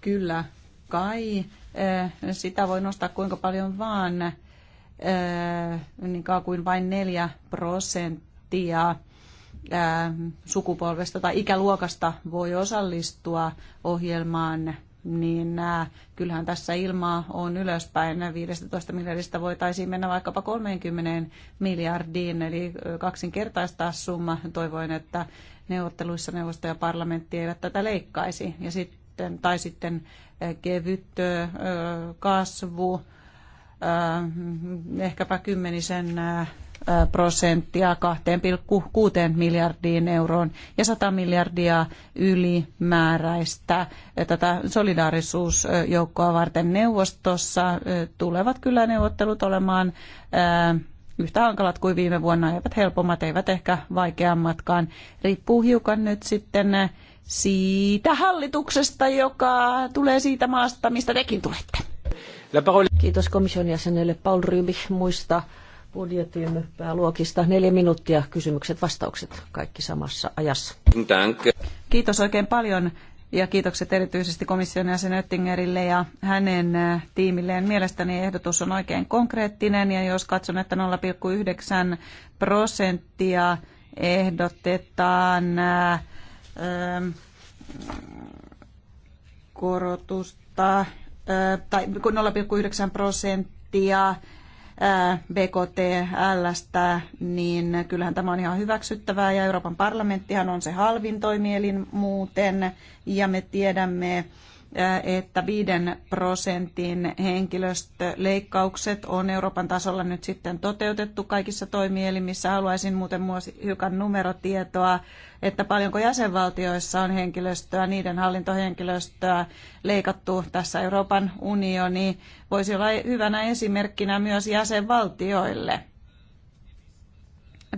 Kyllä kai eh, sitä voi nostaa kuinka paljon vaan, niin kauan kuin vain 4 prosenttia sukupolvesta tai ikäluokasta voi osallistua ohjelmaan niin äh, kyllähän tässä ilmaa on ylöspäin. 15 miljardista voitaisiin mennä vaikkapa 30 miljardiin, eli kaksinkertaistaa summa. Toivoin, että neuvotteluissa neuvosto ja parlamentti eivät tätä leikkaisi. Ja sitten, tai sitten äh, kevyt kasvu, ehkäpä kymmenisen äh, prosenttia 2,6 miljardiin euroon ja 100 miljardia ylimääräistä tätä solidaarisuusjoukkoa varten neuvostossa tulevat kyllä neuvottelut olemaan yhtä hankalat kuin viime vuonna, eivät helpommat, eivät ehkä vaikeammatkaan. Riippuu hiukan nyt sitten siitä hallituksesta, joka tulee siitä maasta, mistä tekin tulette. Kiitos komission jäsenelle Paul Rybich muista budjetin pääluokista. Neljä minuuttia kysymykset, vastaukset kaikki samassa ajassa. Kiitos oikein paljon ja kiitokset erityisesti komission jäsen Oettingerille ja hänen äh, tiimilleen. Mielestäni ehdotus on oikein konkreettinen ja jos katson, että 0,9 prosenttia ehdotetaan ää, äh, ähm, korotusta ää, äh, tai 0,9 prosenttia BKTLstä, niin kyllähän tämä on ihan hyväksyttävää ja Euroopan parlamenttihan on se halvin toimielin muuten ja me tiedämme, että 5 prosentin henkilöstöleikkaukset on Euroopan tasolla nyt sitten toteutettu kaikissa toimielimissä. Haluaisin muuten myös hiukan numerotietoa, että paljonko jäsenvaltioissa on henkilöstöä, niiden hallintohenkilöstöä leikattu tässä Euroopan unioni. Voisi olla hyvänä esimerkkinä myös jäsenvaltioille.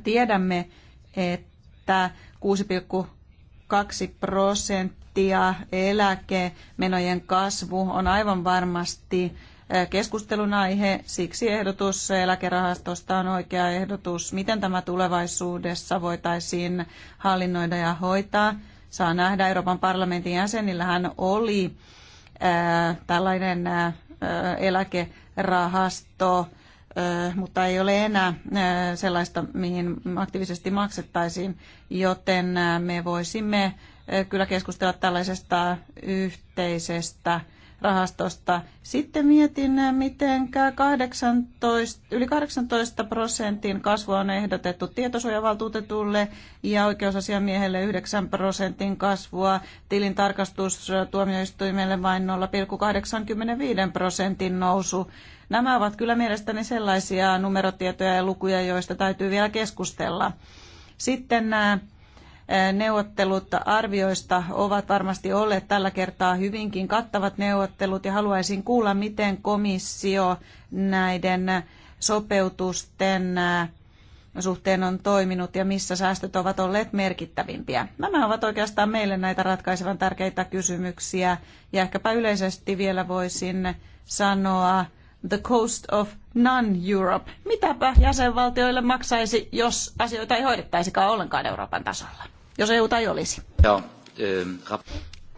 Tiedämme, että 6,2 prosenttia ja eläkemenojen kasvu on aivan varmasti eh, keskustelun aihe. Siksi ehdotus eläkerahastosta on oikea ehdotus. Miten tämä tulevaisuudessa voitaisiin hallinnoida ja hoitaa? Saa nähdä, Euroopan parlamentin jäsenillähän oli eh, tällainen eh, eläkerahasto, mutta ei ole enää sellaista, mihin aktiivisesti maksettaisiin, joten me voisimme Eh, kyllä keskustella tällaisesta yhteisestä rahastosta. Sitten mietin, eh, miten 18, yli 18 prosentin kasvu on ehdotettu tietosuojavaltuutetulle ja oikeusasiamiehelle 9 prosentin kasvua, tilin tarkastus tuomioistuimelle vain 0,85 prosentin nousu. Nämä ovat kyllä mielestäni sellaisia numerotietoja ja lukuja, joista täytyy vielä keskustella. Sitten nämä eh, neuvottelut arvioista ovat varmasti olleet tällä kertaa hyvinkin kattavat neuvottelut ja haluaisin kuulla, miten komissio näiden sopeutusten äh, suhteen on toiminut ja missä säästöt ovat olleet merkittävimpiä. Nämä ovat oikeastaan meille näitä ratkaisevan tärkeitä kysymyksiä ja ehkäpä yleisesti vielä voisin sanoa The cost of Non-Europe. Mitäpä jäsenvaltioille maksaisi, jos asioita ei hoidettaisikaan ollenkaan Euroopan tasolla? jos EUta ei olisi. Joo. Ehm,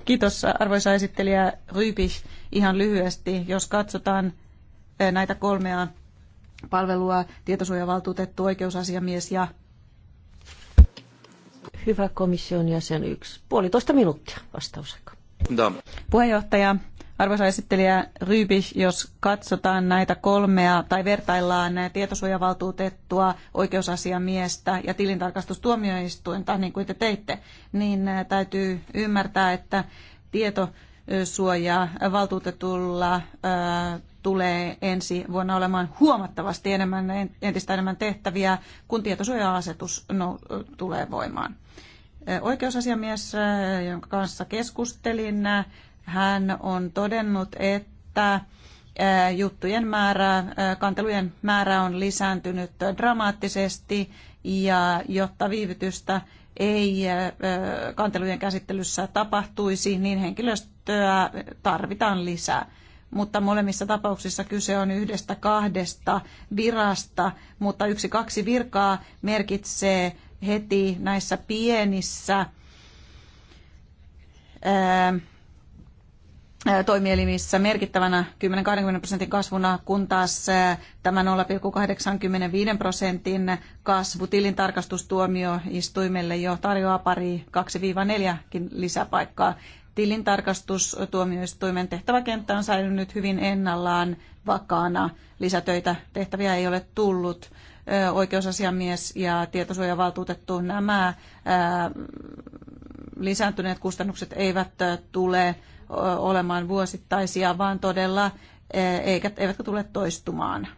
Kiitos arvoisa esittelijä Rybich. Ihan lyhyesti, jos katsotaan eh, näitä kolmea palvelua, tietosuojavaltuutettu, oikeusasiamies ja Hyvä komission jäsen yksi. Puolitoista minuuttia vastausaika. Puheenjohtaja, Arvoisa esittelijä Ryby, jos katsotaan näitä kolmea tai vertaillaan tietosuojavaltuutettua, oikeusasiamiestä ja tilintarkastustuomioistuinta, niin kuin te teitte, niin täytyy ymmärtää, että tietosuoja valtuutetulla tulee ensi vuonna olemaan huomattavasti enemmän, entistä enemmän tehtäviä, kun tietosuoja-asetus no, tulee voimaan. Oikeusasiamies, jonka kanssa keskustelin, hän on todennut, että juttujen määrä, kantelujen määrä on lisääntynyt dramaattisesti ja jotta viivytystä ei kantelujen käsittelyssä tapahtuisi, niin henkilöstöä tarvitaan lisää. Mutta molemmissa tapauksissa kyse on yhdestä kahdesta virasta, mutta yksi kaksi virkaa merkitsee heti näissä pienissä ää, toimielimissä merkittävänä 10-20 prosentin kasvuna, kun taas tämä 0,85 prosentin kasvu tilintarkastustuomioistuimelle jo tarjoaa pari 2-4 lisäpaikkaa. Tilintarkastustuomioistuimen tehtäväkenttä on säilynyt hyvin ennallaan vakaana. Lisätöitä tehtäviä ei ole tullut. Oikeusasiamies ja tietosuojavaltuutettu nämä lisääntyneet kustannukset eivät tule olemaan vuosittaisia, vaan todella eikä, eivätkä tule toistumaan,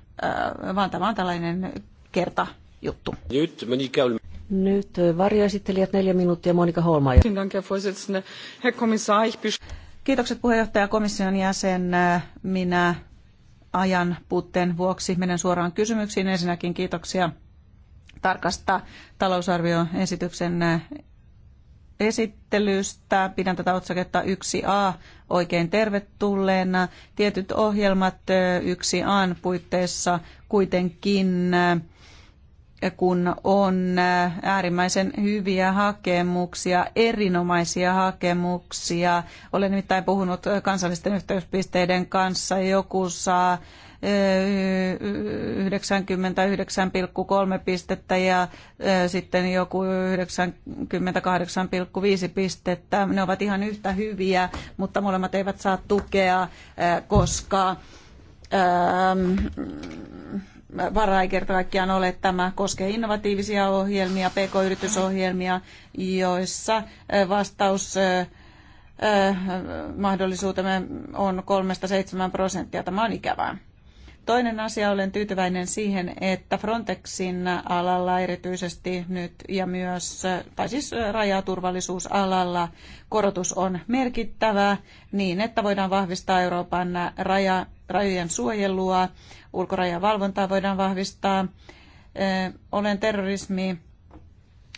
vaan tämä on tällainen kerta juttu. Nyt nyt varjoesittelijät neljä minuuttia, Monika Holmaja. Kiitokset puheenjohtaja komission jäsen. Minä ajan puutteen vuoksi menen suoraan kysymyksiin. Ensinnäkin kiitoksia tarkasta talousarvioesityksen esittelystä. Pidän tätä otsaketta 1a oikein tervetulleena. Tietyt ohjelmat 1 a puitteissa kuitenkin kun on äh, äärimmäisen hyviä hakemuksia, erinomaisia hakemuksia. Olen nimittäin puhunut äh, kansallisten yhteyspisteiden kanssa. Joku saa 99,3 äh, pistettä ja sitten joku 98,5 pistettä. Ne ovat ihan yhtä hyviä, mutta molemmat eivät saa tukea, koska ähm, varaa ei kerta kaikkiaan ole. Tämä koskee innovatiivisia ohjelmia, pk-yritysohjelmia, joissa vastaus mahdollisuutemme on 3-7 prosenttia. Tämä on ikävää. Toinen asia, olen tyytyväinen siihen, että Frontexin alalla erityisesti nyt ja myös, tai siis rajaturvallisuusalalla korotus on merkittävä niin, että voidaan vahvistaa Euroopan raja, rajojen suojelua, ulkorajavalvontaa voidaan vahvistaa. Eh, olen terrorismi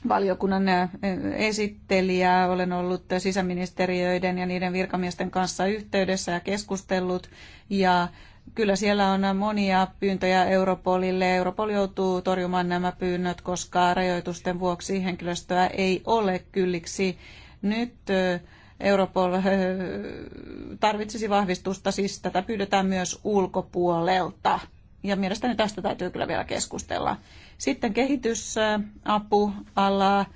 valiokunnan eh, esittelijä, olen ollut sisäministeriöiden ja niiden virkamiesten kanssa yhteydessä ja keskustellut ja kyllä siellä on monia pyyntöjä Europolille. Europol joutuu torjumaan nämä pyynnöt, koska rajoitusten vuoksi henkilöstöä ei ole kylliksi. Nyt eh, Europol eh, tarvitsisi vahvistusta, siis tätä pyydetään myös ulkopuolelta. Ja mielestäni tästä täytyy kyllä vielä keskustella. Sitten kehitysapuala, eh,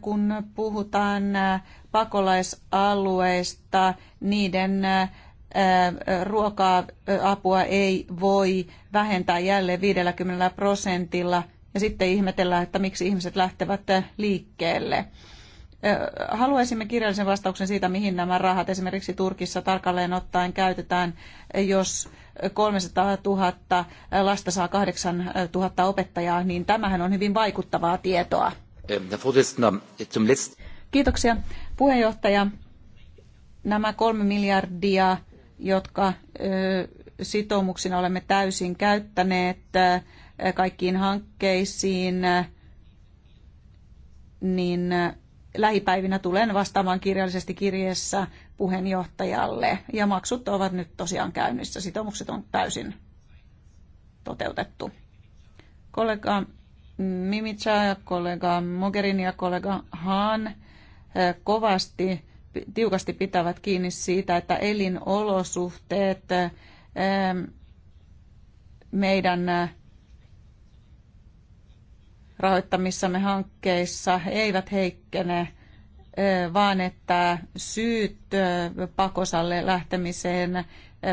kun puhutaan eh, pakolaisalueista, niiden ruoka-apua ei voi vähentää jälleen 50 prosentilla ja sitten ihmetellään, että miksi ihmiset lähtevät liikkeelle. Haluaisimme kirjallisen vastauksen siitä, mihin nämä rahat esimerkiksi Turkissa tarkalleen ottaen käytetään, jos 300 000 lasta saa 8 000 opettajaa, niin tämähän on hyvin vaikuttavaa tietoa. Kiitoksia puheenjohtaja. Nämä kolme miljardia, jotka sitoumuksina olemme täysin käyttäneet kaikkiin hankkeisiin, niin lähipäivinä tulen vastaamaan kirjallisesti kirjeessä puheenjohtajalle. Ja maksut ovat nyt tosiaan käynnissä. Sitoumukset on täysin toteutettu. Kollega Mimica ja kollega Mogherini ja kollega Hahn eh, kovasti, tiukasti pitävät kiinni siitä, että elinolosuhteet eh, meidän eh, rahoittamissamme hankkeissa eivät heikkene, vaan että syyt pakosalle lähtemiseen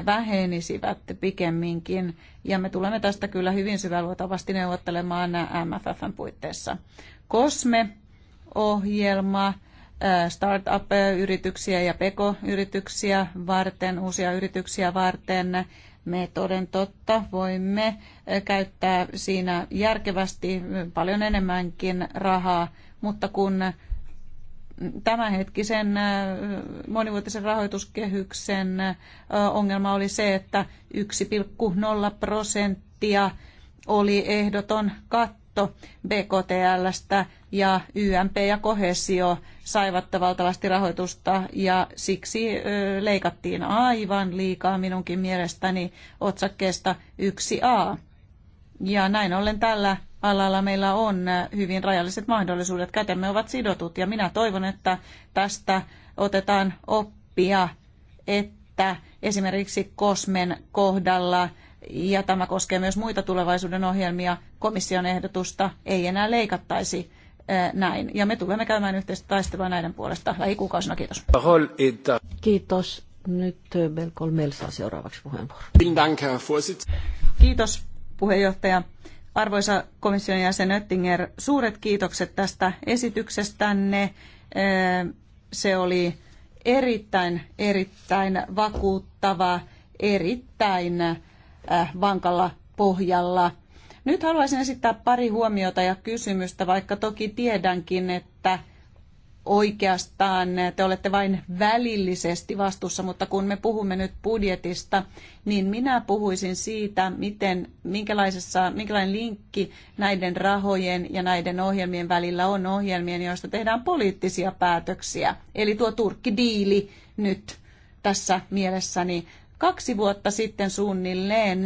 vähenisivät pikemminkin. Ja me tulemme tästä kyllä hyvin syväluotavasti neuvottelemaan MFFn puitteissa. COSME-ohjelma startup-yrityksiä ja pk-yrityksiä varten, uusia yrityksiä varten me toden totta voimme eh, käyttää siinä järkevästi eh, paljon enemmänkin rahaa, mutta kun mm, tämänhetkisen eh, monivuotisen rahoituskehyksen ongelma oli se, että 1,0 prosenttia oli ehdoton katto BKTLstä ja YMP ja kohesio saivat valtavasti rahoitusta ja siksi leikattiin aivan liikaa minunkin mielestäni otsakkeesta 1a. Ja näin ollen tällä alalla meillä on hyvin rajalliset mahdollisuudet. Kätemme ovat sidotut ja minä toivon, että tästä otetaan oppia, että esimerkiksi Kosmen kohdalla ja tämä koskee myös muita tulevaisuuden ohjelmia, komission ehdotusta ei enää leikattaisi näin. Ja me tulemme käymään yhteistä taistelua näiden puolesta lähikuukausina. Kiitos. Kiitos. Nyt Belkol Melsaa seuraavaksi puheenvuoro. Kiitos puheenjohtaja. Arvoisa komission jäsen Oettinger, suuret kiitokset tästä esityksestänne. Se oli erittäin, erittäin vakuuttava, erittäin vankalla pohjalla – nyt haluaisin esittää pari huomiota ja kysymystä, vaikka toki tiedänkin, että oikeastaan te olette vain välillisesti vastuussa, mutta kun me puhumme nyt budjetista, niin minä puhuisin siitä, miten, minkälaisessa, minkälainen linkki näiden rahojen ja näiden ohjelmien välillä on ohjelmien, joista tehdään poliittisia päätöksiä. Eli tuo Turkki-diili nyt tässä mielessäni kaksi vuotta sitten suunnilleen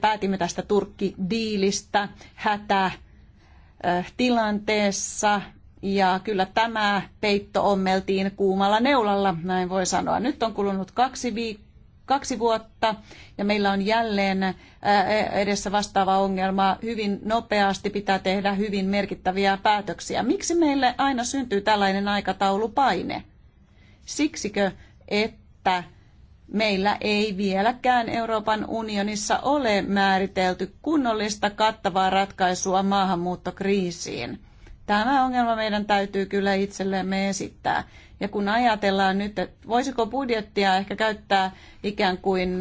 päätimme tästä Turkki-diilistä hätätilanteessa. Ja kyllä tämä peitto ommeltiin kuumalla neulalla, näin voi sanoa. Nyt on kulunut kaksi viikkoa kaksi vuotta ja meillä on jälleen e, edessä vastaava ongelma. Hyvin nopeasti pitää tehdä hyvin merkittäviä päätöksiä. Miksi meille aina syntyy tällainen aikataulupaine? Siksikö, että meillä ei vieläkään Euroopan unionissa ole määritelty kunnollista kattavaa ratkaisua maahanmuuttokriisiin. Tämä ongelma meidän täytyy kyllä itsellemme esittää. Ja kun ajatellaan nyt, että voisiko budjettia ehkä käyttää ikään kuin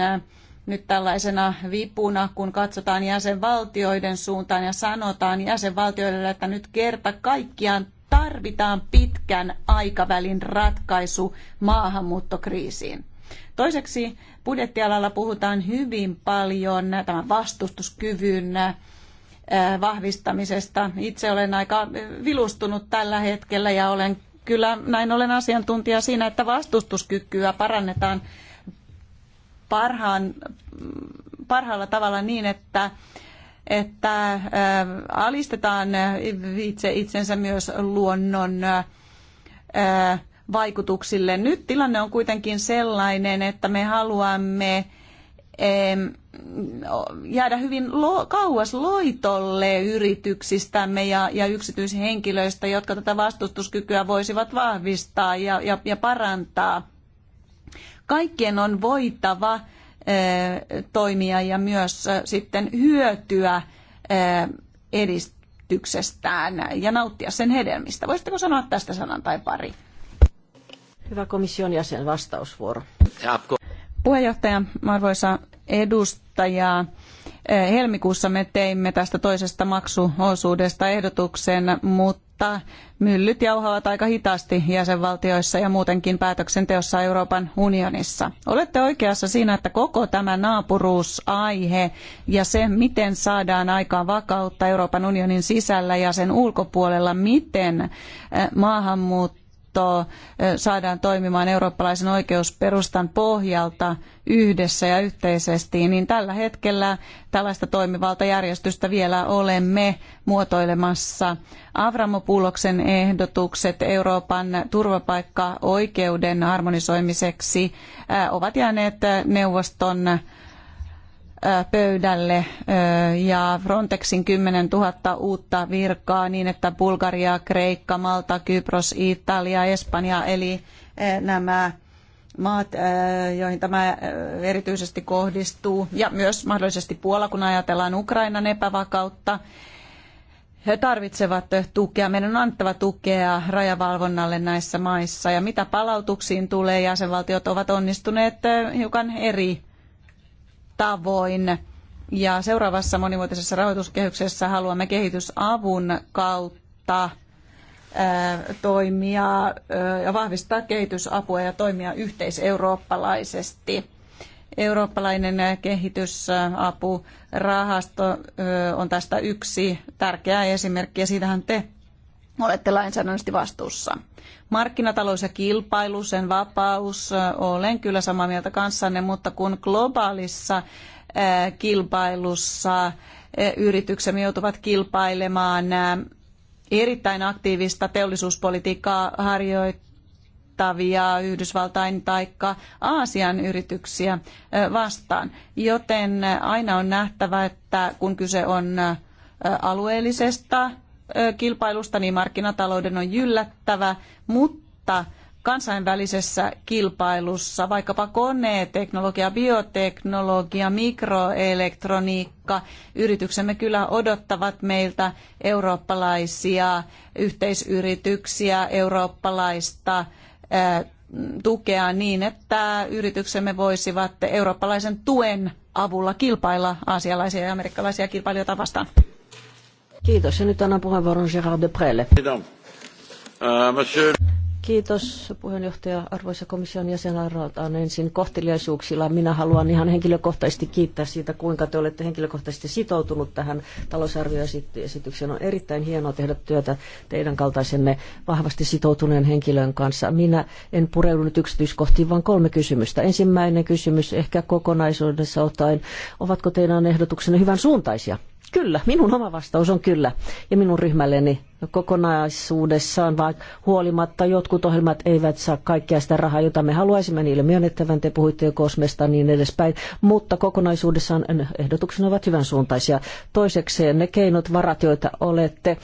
nyt tällaisena vipuna, kun katsotaan jäsenvaltioiden suuntaan ja sanotaan jäsenvaltioille, että nyt kerta kaikkiaan tarvitaan pitkän aikavälin ratkaisu maahanmuuttokriisiin. Toiseksi budjettialalla puhutaan hyvin paljon tämän vastustuskyvyn äh, vahvistamisesta. Itse olen aika äh, vilustunut tällä hetkellä ja olen kyllä näin olen asiantuntija siinä, että vastustuskykyä parannetaan parhaan, parhaalla tavalla niin, että että äh, alistetaan itse itsensä myös luonnon vaikutuksille. Nyt tilanne on kuitenkin sellainen, että me haluamme jäädä hyvin lo, kauas loitolle yrityksistämme ja, ja yksityishenkilöistä, jotka tätä vastustuskykyä voisivat vahvistaa ja, ja, ja parantaa. Kaikkien on voitava e, toimia ja myös e, sitten hyötyä e, edistyksestään ja nauttia sen hedelmistä. Voisitteko sanoa tästä sanan tai pari? Hyvä komission jäsen, vastausvuoro. Puheenjohtaja, arvoisa edustaja, eh, helmikuussa me teimme tästä toisesta maksuosuudesta ehdotuksen, mutta myllyt jauhavat aika hitaasti jäsenvaltioissa ja muutenkin päätöksenteossa Euroopan unionissa. Olette oikeassa siinä, että koko tämä naapuruusaihe ja se, miten saadaan aikaan vakautta Euroopan unionin sisällä ja sen ulkopuolella, miten eh, maahanmuutto liitto saadaan toimimaan eurooppalaisen oikeusperustan pohjalta yhdessä ja yhteisesti, niin tällä hetkellä tällaista toimivaltajärjestystä vielä olemme muotoilemassa. Avramopuloksen ehdotukset Euroopan turvapaikkaoikeuden oikeuden harmonisoimiseksi ovat jääneet neuvoston pöydälle ja Frontexin 10 000 uutta virkaa niin, että Bulgaria, Kreikka, Malta, Kypros, Italia, Espanja eli nämä maat, joihin tämä erityisesti kohdistuu ja myös mahdollisesti Puola, kun ajatellaan Ukrainan epävakautta, he tarvitsevat tukea. Meidän on annettava tukea rajavalvonnalle näissä maissa. Ja mitä palautuksiin tulee, jäsenvaltiot ovat onnistuneet hiukan eri tavoin. Ja seuraavassa monivuotisessa rahoituskehyksessä haluamme kehitysavun kautta toimia ja vahvistaa kehitysapua ja toimia yhteiseurooppalaisesti. Eurooppalainen kehitysapurahasto on tästä yksi tärkeä esimerkki ja siitähän te olette lainsäädännöllisesti vastuussa. Markkinatalous ja kilpailu, sen vapaus, olen kyllä samaa mieltä kanssanne, mutta kun globaalissa kilpailussa yrityksemme joutuvat kilpailemaan erittäin aktiivista teollisuuspolitiikkaa harjoittavia Yhdysvaltain tai Aasian yrityksiä vastaan. Joten aina on nähtävä, että kun kyse on alueellisesta kilpailusta, niin markkinatalouden on yllättävä, mutta kansainvälisessä kilpailussa, vaikkapa koneteknologia, bioteknologia, mikroelektroniikka, yrityksemme kyllä odottavat meiltä eurooppalaisia yhteisyrityksiä, eurooppalaista tukea niin, että yrityksemme voisivat eurooppalaisen tuen avulla kilpailla aasialaisia ja amerikkalaisia kilpailijoita vastaan. Kiitos. Ja nyt annan puheenvuoron de Deprelle. Euh, Kiitos puheenjohtaja, arvoisa komission jäsen Arraltaan ensin kohteliaisuuksilla. Minä haluan ihan henkilökohtaisesti kiittää siitä, kuinka te olette henkilökohtaisesti sitoutunut tähän talousarvioesitykseen. On erittäin hienoa tehdä työtä teidän kaltaisenne vahvasti sitoutuneen henkilön kanssa. Minä en pureudu nyt yksityiskohtiin, vaan kolme kysymystä. Ensimmäinen kysymys ehkä kokonaisuudessa ottaen, ovatko teidän ehdotuksenne hyvän suuntaisia? Kyllä, minun oma vastaus on kyllä. Ja minun ryhmälleni kokonaisuudessaan, vaan huolimatta jotkut ohjelmat eivät saa kaikkea sitä rahaa, jota me haluaisimme niille myönnettävän. Te puhuitte jo kosmesta niin edespäin, mutta kokonaisuudessaan ehdotukset ovat hyvän suuntaisia. Toisekseen ne keinot, varat, joita olette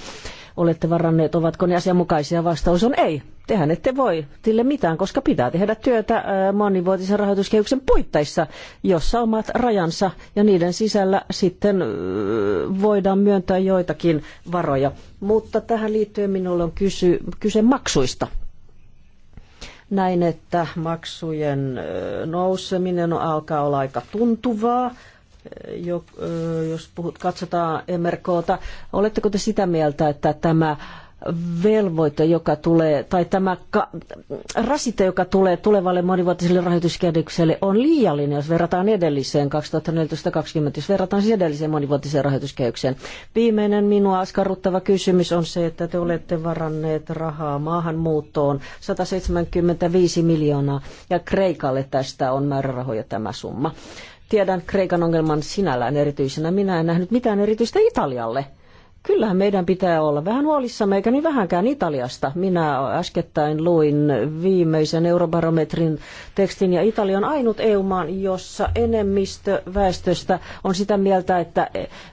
olette varanneet, ovatko ne asianmukaisia? Vastaus on ei. Tehän ette voi sille mitään, koska pitää tehdä työtä äh, monivuotisen rahoituskehyksen puitteissa, jossa omat rajansa ja niiden sisällä sitten äh, voidaan myöntää joitakin varoja. Mutta tähän liittyen minulle on kysy, kyse maksuista näin, että maksujen äh, nouseminen alkaa olla aika tuntuvaa jo, jos puhut, katsotaan MRKta, oletteko te sitä mieltä, että tämä velvoite, joka tulee, tai tämä ka- rasite, joka tulee tulevalle monivuotiselle rahoituskehykselle, on liiallinen, jos verrataan edelliseen 2014-2020, jos verrataan siis edelliseen monivuotiseen rahoituskehykseen. Viimeinen minua askarruttava kysymys on se, että te olette varanneet rahaa maahanmuuttoon 175 miljoonaa, ja Kreikalle tästä on määrärahoja tämä summa. Tiedän Kreikan ongelman sinällään erityisenä. Minä en nähnyt mitään erityistä Italialle. Kyllähän meidän pitää olla vähän huolissamme, eikä niin vähänkään Italiasta. Minä äskettäin luin viimeisen eurobarometrin tekstin, ja Italia on ainut EU-maa, jossa enemmistö väestöstä on sitä mieltä, että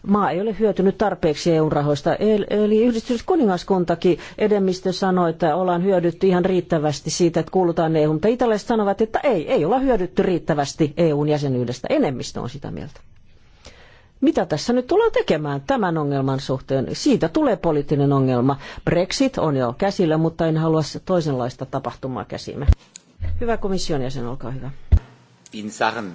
maa ei ole hyötynyt tarpeeksi EU-rahoista. Eli yhdistys kuningaskuntakin enemmistö sanoi, että ollaan hyödytty ihan riittävästi siitä, että kuulutaan EU, mutta italialaiset sanovat, että ei, ei olla hyödytty riittävästi eu jäsenyydestä. Enemmistö on sitä mieltä. Mitä tässä nyt tullaan tekemään tämän ongelman suhteen? Siitä tulee poliittinen ongelma. Brexit on jo käsillä, mutta en halua toisenlaista tapahtumaa käsimme. Hyvä komission jäsen, olkaa hyvä. In Sachen.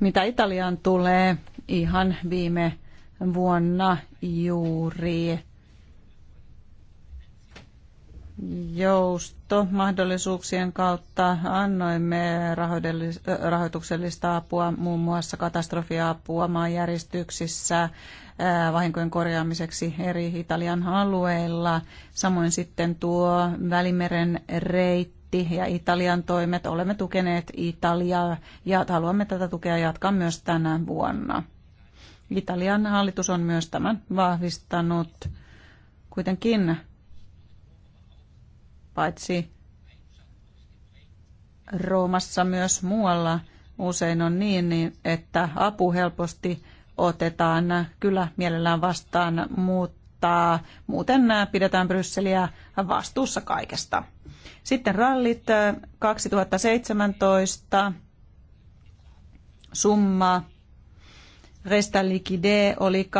Mitä Italiaan tulee, ihan viime vuonna juuri joustomahdollisuuksien kautta annoimme rahoituksellista apua, muun muassa katastrofiapua maanjäristyksissä vahinkojen korjaamiseksi eri Italian alueilla. Samoin sitten tuo Välimeren reitti ja Italian toimet. Olemme tukeneet Italiaa ja haluamme tätä tukea jatkaa myös tänä vuonna. Italian hallitus on myös tämän vahvistanut. Kuitenkin paitsi Roomassa myös muualla usein on niin, niin, että apu helposti otetaan kyllä mielellään vastaan, mutta muuten pidetään Brysseliä vastuussa kaikesta. Sitten rallit 2017, summa Resta Liquide oli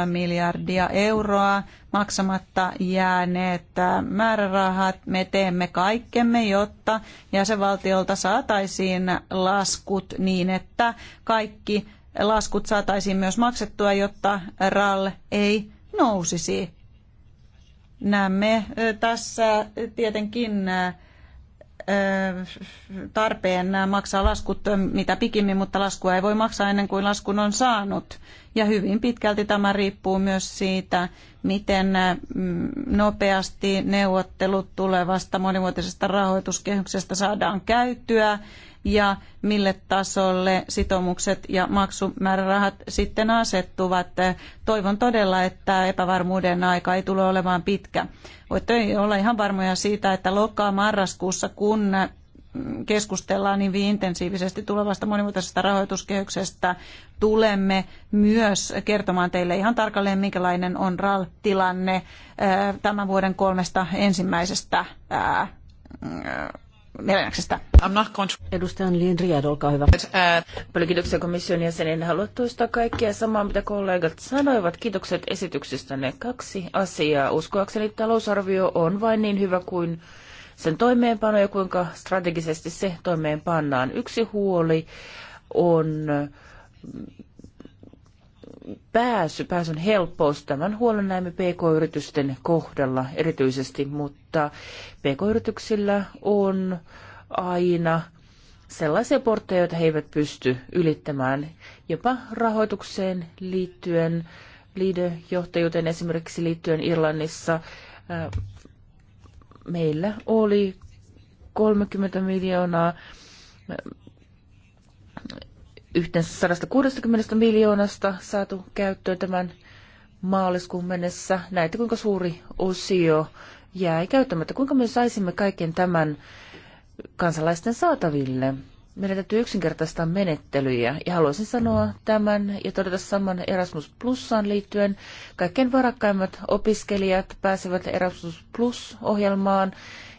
265,7 miljardia euroa maksamatta jääneet äh, määrärahat. Me teemme kaikkemme, jotta jäsenvaltiolta saataisiin laskut niin, että kaikki laskut saataisiin myös maksettua, jotta RAL ei nousisi. Näemme äh, tässä tietenkin äh, tarpeen maksaa laskut mitä pikimmin, mutta laskua ei voi maksaa ennen kuin laskun on saanut. Ja hyvin pitkälti tämä riippuu myös siitä, miten mm, nopeasti neuvottelut tulevasta monivuotisesta rahoituskehyksestä saadaan käyttöä ja mille tasolle sitoumukset ja maksumäärärahat sitten asettuvat. Toivon todella, että epävarmuuden aika ei tule olemaan pitkä. Voitte olla ihan varmoja siitä, että lokaa-marraskuussa, kun keskustellaan niin hyvin intensiivisesti tulevasta monimuotoisesta rahoituskehyksestä, tulemme myös kertomaan teille ihan tarkalleen, minkälainen on RAL-tilanne tämän vuoden kolmesta ensimmäisestä Merenäksestä. Edustajan Lindriad, olkaa hyvä. Uh, Paljon kiitoksia komission jäsen. En halua toistaa kaikkia samaa, mitä kollegat sanoivat. Kiitokset esityksistänne. Kaksi asiaa. Uskoakseni talousarvio on vain niin hyvä kuin sen toimeenpano ja kuinka strategisesti se toimeenpannaan. Yksi huoli on pääsy, pääsyn helppous, tämän huolen näemme pk-yritysten kohdalla erityisesti, mutta pk-yrityksillä on aina sellaisia portteja, joita he eivät pysty ylittämään jopa rahoitukseen liittyen, liidejohtajuuteen esimerkiksi liittyen Irlannissa. Meillä oli 30 miljoonaa yhteensä 160 miljoonasta saatu käyttöön tämän maaliskuun mennessä. Näitä kuinka suuri osio jäi käyttämättä. Kuinka me saisimme kaiken tämän kansalaisten saataville? meidän täytyy yksinkertaistaa menettelyjä. Ja haluaisin sanoa tämän ja todeta saman Erasmus Plusaan liittyen. Kaikkein varakkaimmat opiskelijat pääsevät Erasmus Plus-ohjelmaan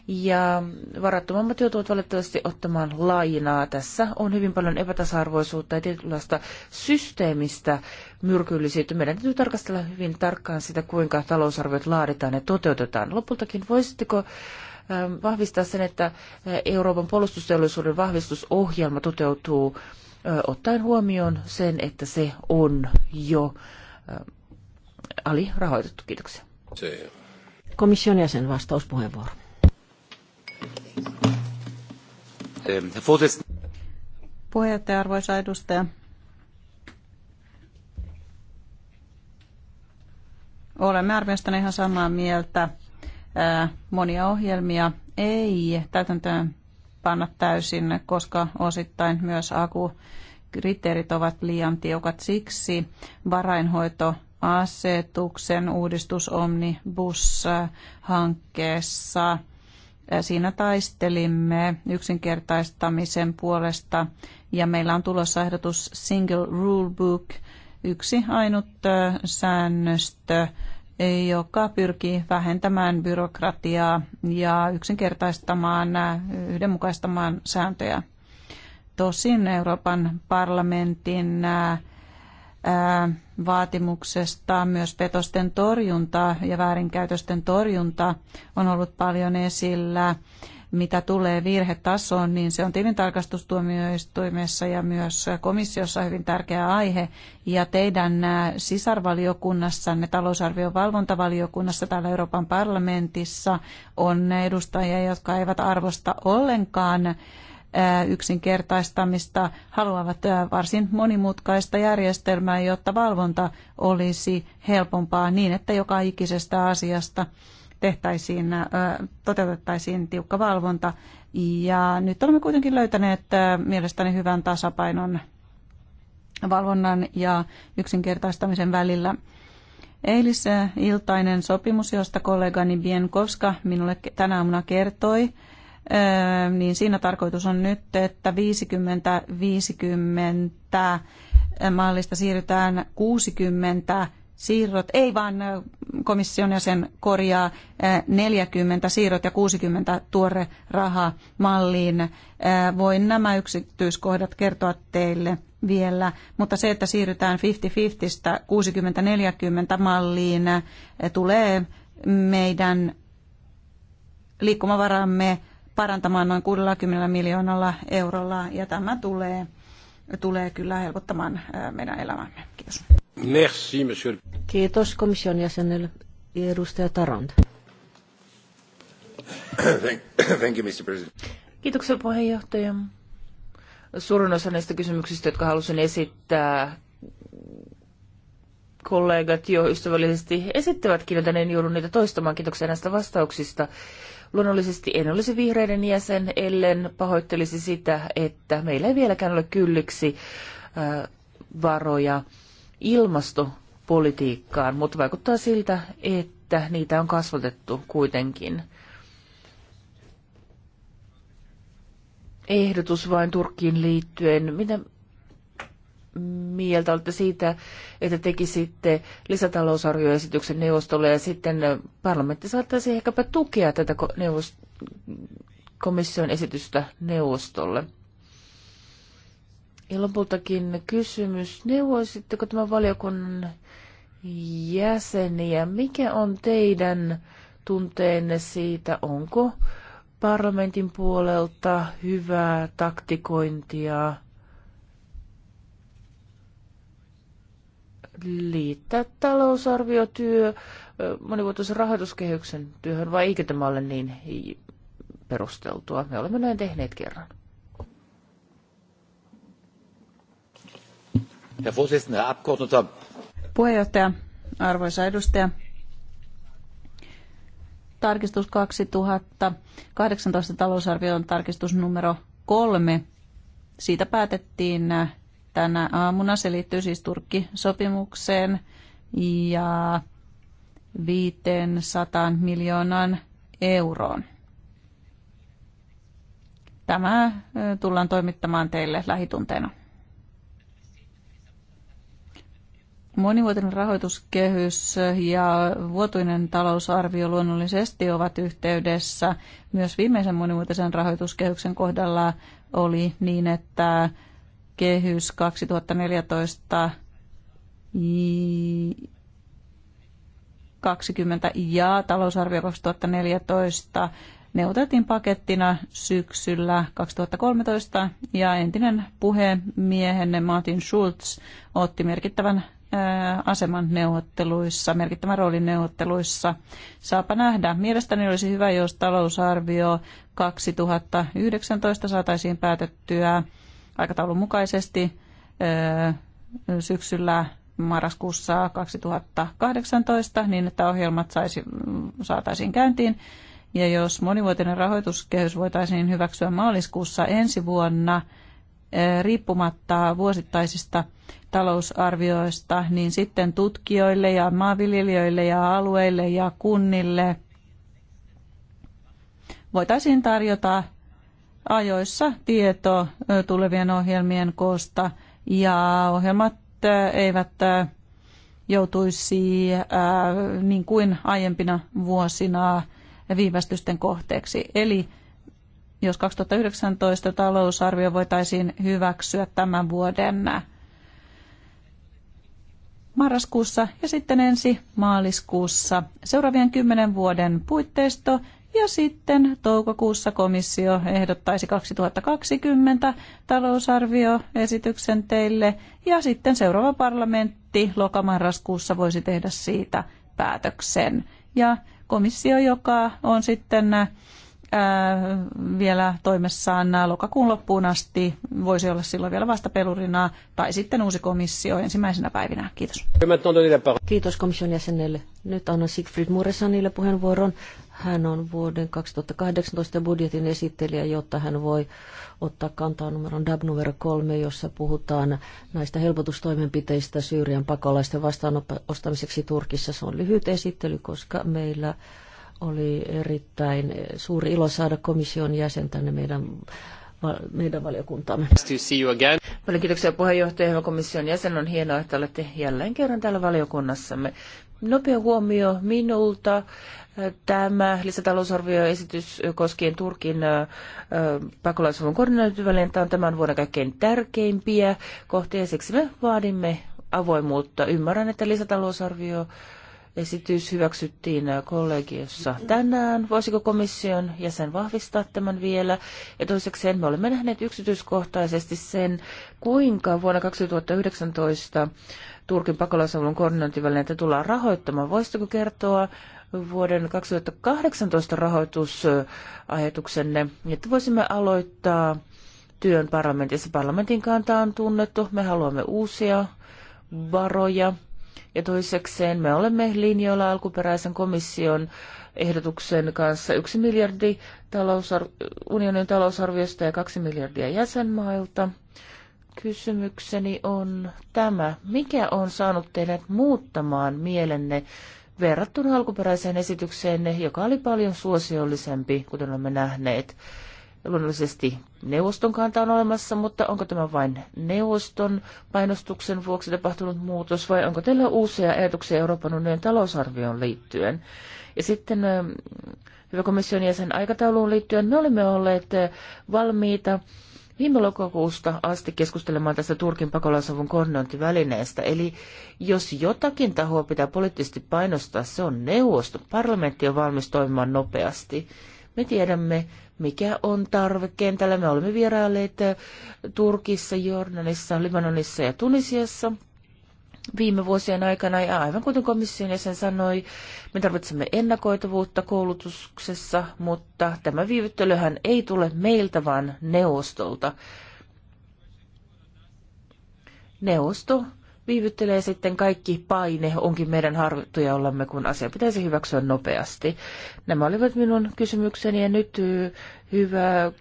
ja varattomammat joutuvat valitettavasti ottamaan lainaa. Tässä on hyvin paljon epätasa-arvoisuutta ja tietynlaista systeemistä myrkyllisyyttä. Meidän täytyy tarkastella hyvin tarkkaan sitä, kuinka talousarviot laaditaan ja toteutetaan. Lopultakin voisitteko vahvistaa sen, että Euroopan puolustusteollisuuden vahvistusohjelma toteutuu ottaen huomioon sen, että se on jo alirahoitettu. Kiitoksia. Komission jäsen vastauspuheenvuoro. Puheenjohtaja, arvoisa edustaja. Olemme arviosta ihan samaa mieltä monia ohjelmia ei täytäntöön panna täysin, koska osittain myös aku kriteerit ovat liian tiukat. Siksi varainhoitoasetuksen uudistus Omnibus-hankkeessa Siinä taistelimme yksinkertaistamisen puolesta ja meillä on tulossa ehdotus Single Rule Book, yksi ainut säännöstö joka pyrkii vähentämään byrokratiaa ja yksinkertaistamaan, yhdenmukaistamaan sääntöjä. Tosin Euroopan parlamentin vaatimuksesta myös petosten torjunta ja väärinkäytösten torjunta on ollut paljon esillä mitä tulee virhetasoon, niin se on tilintarkastustuomioistuimessa ja myös komissiossa hyvin tärkeä aihe. Ja teidän sisarvaliokunnassanne, talousarvion valvontavaliokunnassa täällä Euroopan parlamentissa on edustajia, jotka eivät arvosta ollenkaan yksinkertaistamista, haluavat varsin monimutkaista järjestelmää, jotta valvonta olisi helpompaa niin, että joka ikisestä asiasta tehtäisiin, toteutettaisiin tiukka valvonta. Ja nyt olemme kuitenkin löytäneet mielestäni hyvän tasapainon valvonnan ja yksinkertaistamisen välillä. iltainen sopimus, josta kollegani Bienkowska minulle tänä aamuna kertoi, niin siinä tarkoitus on nyt, että 50-50 mallista siirrytään 60 siirrot, ei vaan komission jäsen korjaa 40 siirrot ja 60 tuore raha malliin. Voin nämä yksityiskohdat kertoa teille vielä, mutta se, että siirrytään 50-50 60-40 malliin, tulee meidän liikkumavaramme parantamaan noin 60 miljoonalla eurolla ja tämä tulee, tulee kyllä helpottamaan meidän elämämme. Kiitos. Merci, monsieur. Kiitos komission jäsenelle. Edustaja Tarand. Thank you, Mr. President. Kiitoksia puheenjohtaja. Suurin osa näistä kysymyksistä, jotka halusin esittää, kollegat jo ystävällisesti esittävätkin, joten en joudu niitä toistamaan. Kiitoksia näistä vastauksista. Luonnollisesti en olisi vihreiden jäsen, ellen pahoittelisi sitä, että meillä ei vieläkään ole kylliksi äh, varoja ilmastopolitiikkaan, mutta vaikuttaa siltä, että niitä on kasvatettu kuitenkin. Ehdotus vain Turkkiin liittyen. Mitä mieltä olette siitä, että tekisitte lisätalousarvioesityksen neuvostolle ja sitten parlamentti saattaisi ehkäpä tukea tätä komission esitystä neuvostolle? Ja lopultakin kysymys, neuvoisitteko tämän valiokunnan jäseniä, mikä on teidän tunteenne siitä, onko parlamentin puolelta hyvää taktikointia liittää talousarviotyö monivuotoisen rahoituskehyksen työhön, vai eikö tämä ole niin perusteltua? Me olemme näin tehneet kerran. Puheenjohtaja, arvoisa edustaja. Tarkistus 2018 talousarvion tarkistus numero kolme. Siitä päätettiin äh, tänä aamuna. Se liittyy siis Turkki-sopimukseen ja 500 miljoonaan euroon. Tämä äh, tullaan toimittamaan teille lähitunteena. monivuotinen rahoituskehys ja vuotuinen talousarvio luonnollisesti ovat yhteydessä. Myös viimeisen monivuotisen rahoituskehyksen kohdalla oli niin, että kehys 2014 20 ja talousarvio 2014 neuvoteltiin pakettina syksyllä 2013 ja entinen puhemiehenne Martin Schulz otti merkittävän Äh, aseman neuvotteluissa, merkittävän roolin neuvotteluissa. Saapa nähdä. Mielestäni olisi hyvä, jos talousarvio 2019 saataisiin päätettyä aikataulun mukaisesti äh, syksyllä marraskuussa 2018 niin, että ohjelmat saisi, saataisiin käyntiin. Ja jos monivuotinen rahoituskehys voitaisiin hyväksyä maaliskuussa ensi vuonna, Eh, riippumatta vuosittaisista talousarvioista, niin sitten tutkijoille ja maanviljelijöille ja alueille ja kunnille voitaisiin tarjota ajoissa tieto eh, tulevien ohjelmien koosta ja ohjelmat eh, eivät joutuisi niin kuin aiempina vuosina viivästysten kohteeksi. Eli jos 2019 talousarvio voitaisiin hyväksyä tämän vuoden marraskuussa ja sitten ensi maaliskuussa seuraavien kymmenen vuoden puitteisto ja sitten toukokuussa komissio ehdottaisi 2020 talousarvioesityksen teille ja sitten seuraava parlamentti lokamarraskuussa voisi tehdä siitä päätöksen. Ja komissio, joka on sitten Äh, vielä toimessaan lokakuun loppuun asti. Voisi olla silloin vielä vasta pelurina tai sitten uusi komissio ensimmäisenä päivinä. Kiitos. Kiitos komission jäsenelle. Nyt annan Siegfried Muresanille puheenvuoron. Hän on vuoden 2018 budjetin esittelijä, jotta hän voi ottaa kantaa numeron DAB numero 3, jossa puhutaan näistä helpotustoimenpiteistä Syyrian pakolaisten vastaanostamiseksi Turkissa. Se on lyhyt esittely, koska meillä oli erittäin suuri ilo saada komission jäsen tänne meidän meidän valiokuntaamme. Paljon kiitoksia puheenjohtaja ja komission jäsen. On hienoa, että olette jälleen kerran täällä valiokunnassamme. Nopea huomio minulta. Tämä lisätalousarvioesitys koskien Turkin pakolaisuuden koordinointivälintä on tämän vuoden kaikkein tärkeimpiä kohtia. Siksi me vaadimme avoimuutta. Ymmärrän, että lisätalousarvio esitys hyväksyttiin äh, kollegiossa tänään. Voisiko komission jäsen vahvistaa tämän vielä? Ja toisekseen me olemme nähneet yksityiskohtaisesti sen, kuinka vuonna 2019 Turkin pakolaisavun koordinointivälineitä tullaan rahoittamaan. Voisitko kertoa vuoden 2018 rahoitusajatuksenne, että voisimme aloittaa työn parlamentissa. Parlamentin kanta on tunnettu. Me haluamme uusia varoja ja toisekseen me olemme linjoilla alkuperäisen komission ehdotuksen kanssa yksi miljardi talousar- unionin talousarviosta ja kaksi miljardia jäsenmailta. Kysymykseni on tämä. Mikä on saanut teidät muuttamaan mielenne verrattuna alkuperäiseen esitykseenne, joka oli paljon suosiollisempi, kuten olemme nähneet? Luonnollisesti neuvoston kanta on olemassa, mutta onko tämä vain neuvoston painostuksen vuoksi tapahtunut muutos vai onko teillä uusia ajatuksia Euroopan unionin talousarvioon liittyen? Ja sitten ähm, hyvä komission jäsen aikatauluun liittyen, me olemme olleet äh, valmiita viime lokakuusta asti keskustelemaan tästä Turkin pakolaisavun koordinointivälineestä. Eli jos jotakin tahoa pitää poliittisesti painostaa, se on neuvosto. Parlamentti on valmis toimimaan nopeasti. Me tiedämme, mikä on tarve kentällä. Me olemme vierailleet äh, Turkissa, Jordanissa, Libanonissa ja Tunisiassa viime vuosien aikana, ja aivan kuten komission jäsen sanoi, me tarvitsemme ennakoitavuutta koulutuksessa, mutta tämä viivyttelyhän ei tule meiltä, vaan neuvostolta. Neuvosto viivyttelee sitten kaikki paine onkin meidän ollamme, kun asia pitäisi hyväksyä nopeasti. Nämä olivat minun kysymykseni ja nyt hyvä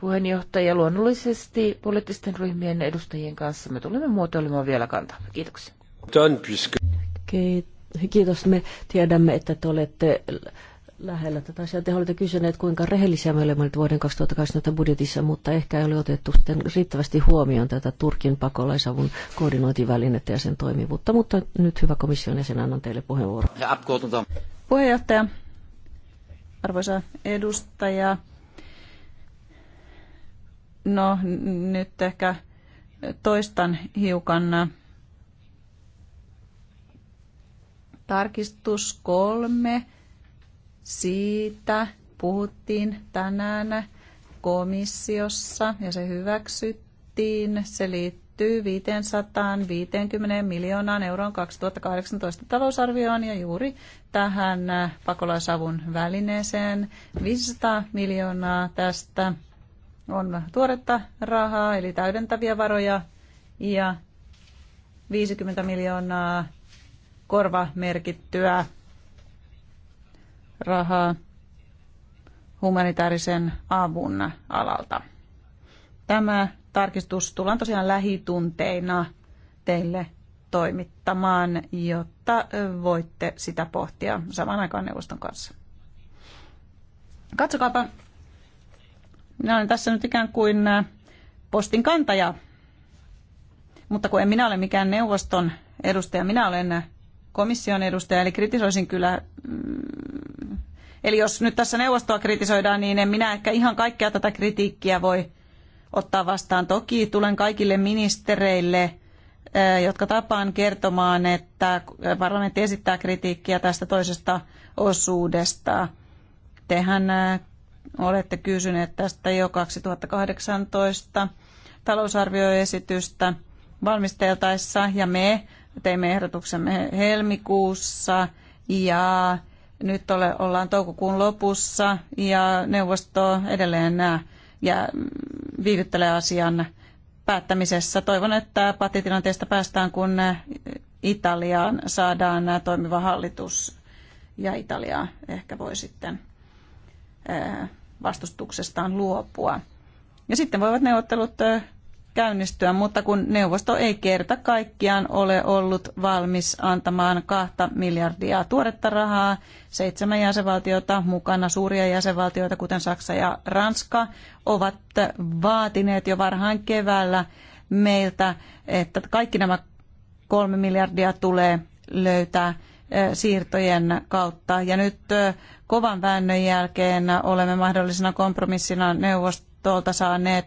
puheenjohtaja luonnollisesti poliittisten ryhmien edustajien kanssa me tulemme muotoilemaan vielä kantaa. Kiitoksia. Kiitos. Me tiedämme, että te olette lähellä tätä asiaa. Te olette kysyneet, kuinka rehellisiä me olemme vuoden 2020 budjetissa, mutta ehkä ei ole otettu sitten riittävästi huomioon tätä Turkin pakolaisavun koordinointivälinettä ja sen toimivuutta. Mutta nyt hyvä komission jäsen, annan teille puheenvuoron. Puheenjohtaja, arvoisa edustaja. No nyt ehkä toistan hiukan äh, tarkistus kolme siitä puhuttiin tänään komissiossa ja se hyväksyttiin. Se liittyy 550 miljoonaan euron 2018 talousarvioon ja juuri tähän pakolaisavun välineeseen 500 miljoonaa tästä on tuoretta rahaa, eli täydentäviä varoja, ja 50 miljoonaa korva merkittyä rahaa humanitaarisen avun alalta. Tämä tarkistus tullaan tosiaan lähitunteina teille toimittamaan, jotta voitte sitä pohtia saman aikaan neuvoston kanssa. Katsokaapa, minä olen tässä nyt ikään kuin postin kantaja, mutta kun en minä ole mikään neuvoston edustaja, minä olen komission edustaja, eli kritisoisin kyllä mm, Eli jos nyt tässä neuvostoa kritisoidaan, niin en minä ehkä ihan kaikkea tätä kritiikkiä voi ottaa vastaan. Toki tulen kaikille ministereille, eh, jotka tapaan kertomaan, että parlamentti esittää kritiikkiä tästä toisesta osuudesta. Tehän eh, olette kysyneet tästä jo 2018 talousarvioesitystä valmisteltaessa ja me teimme ehdotuksemme helmikuussa ja nyt ole, ollaan toukokuun lopussa ja neuvosto edelleen nää ja mm, viivyttelee asian päättämisessä. Toivon, että pattitilanteesta päästään, kun Italiaan saadaan toimiva hallitus ja Italia ehkä voi sitten vastustuksestaan luopua. Ja sitten voivat neuvottelut käynnistyä, mutta kun neuvosto ei kerta kaikkiaan ole ollut valmis antamaan kahta miljardia tuoretta rahaa, seitsemän jäsenvaltiota mukana, suuria jäsenvaltioita kuten Saksa ja Ranska ovat vaatineet jo varhain keväällä meiltä, että kaikki nämä kolme miljardia tulee löytää siirtojen kautta. Ja nyt kovan väännön jälkeen olemme mahdollisena kompromissina neuvostolta saaneet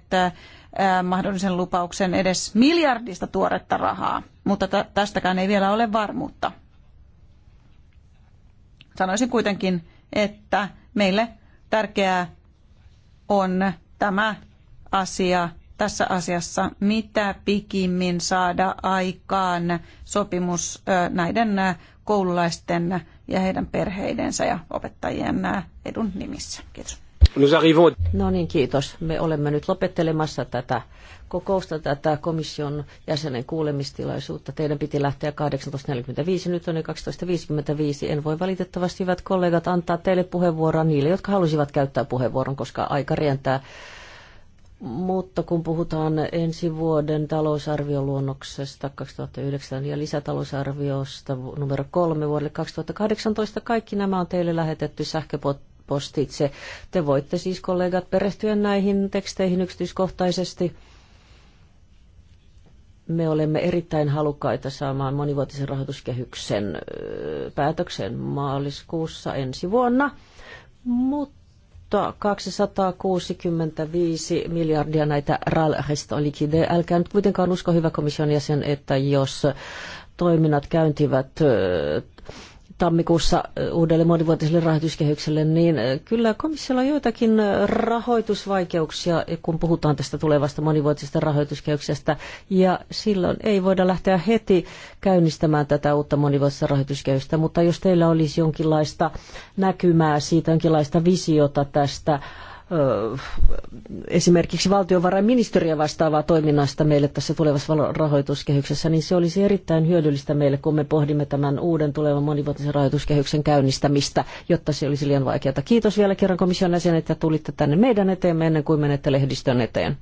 mahdollisen lupauksen edes miljardista tuoretta rahaa, mutta tästäkään ei vielä ole varmuutta. Sanoisin kuitenkin, että meille tärkeää on tämä asia tässä asiassa mitä pikimmin saada aikaan sopimus näiden koululaisten ja heidän perheidensä ja opettajien edun nimissä. Kiitos. No niin, kiitos. Me olemme nyt lopettelemassa tätä kokousta, tätä komission jäsenen kuulemistilaisuutta. Teidän piti lähteä 18.45, nyt on jo 12.55. En voi valitettavasti, hyvät kollegat, antaa teille puheenvuoroa niille, jotka halusivat käyttää puheenvuoron, koska aika rientää. Mutta kun puhutaan ensi vuoden talousarvioluonnoksesta 2009 ja lisätalousarviosta numero kolme vuodelle 2018, kaikki nämä on teille lähetetty sähköpot postitse. Te voitte siis kollegat perehtyä näihin teksteihin yksityiskohtaisesti. Me olemme erittäin halukkaita saamaan monivuotisen rahoituskehyksen päätöksen maaliskuussa ensi vuonna, mutta 265 miljardia näitä RAL liquide. Älkää nyt kuitenkaan usko, hyvä komission jäsen, että jos toiminnat käyntivät tammikuussa uudelle monivuotiselle rahoituskehykselle, niin kyllä komissiolla on joitakin rahoitusvaikeuksia, kun puhutaan tästä tulevasta monivuotisesta rahoituskehyksestä, ja silloin ei voida lähteä heti käynnistämään tätä uutta monivuotista rahoituskehystä, mutta jos teillä olisi jonkinlaista näkymää siitä, jonkinlaista visiota tästä esimerkiksi valtiovarainministeriä vastaavaa toiminnasta meille tässä tulevassa rahoituskehyksessä, niin se olisi erittäin hyödyllistä meille, kun me pohdimme tämän uuden tulevan monivuotisen rahoituskehyksen käynnistämistä, jotta se olisi liian vaikeaa. Kiitos vielä kerran komission jäsenet, että tulitte tänne meidän eteemme ennen kuin menette lehdistön eteen.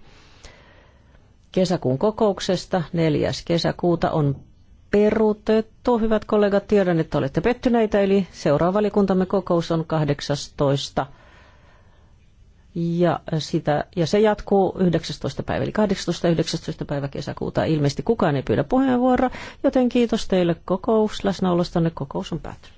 Kesäkuun kokouksesta 4. kesäkuuta on peruutettu. Hyvät kollegat, tiedän, että olette pettyneitä, eli seuraava valikuntamme kokous on 18 ja, sitä, ja se jatkuu 19. päivä, eli 18. 19. päivä kesäkuuta. Ilmeisesti kukaan ei pyydä puheenvuoroa, joten kiitos teille läsnäolostanne. Kokous on päättynyt.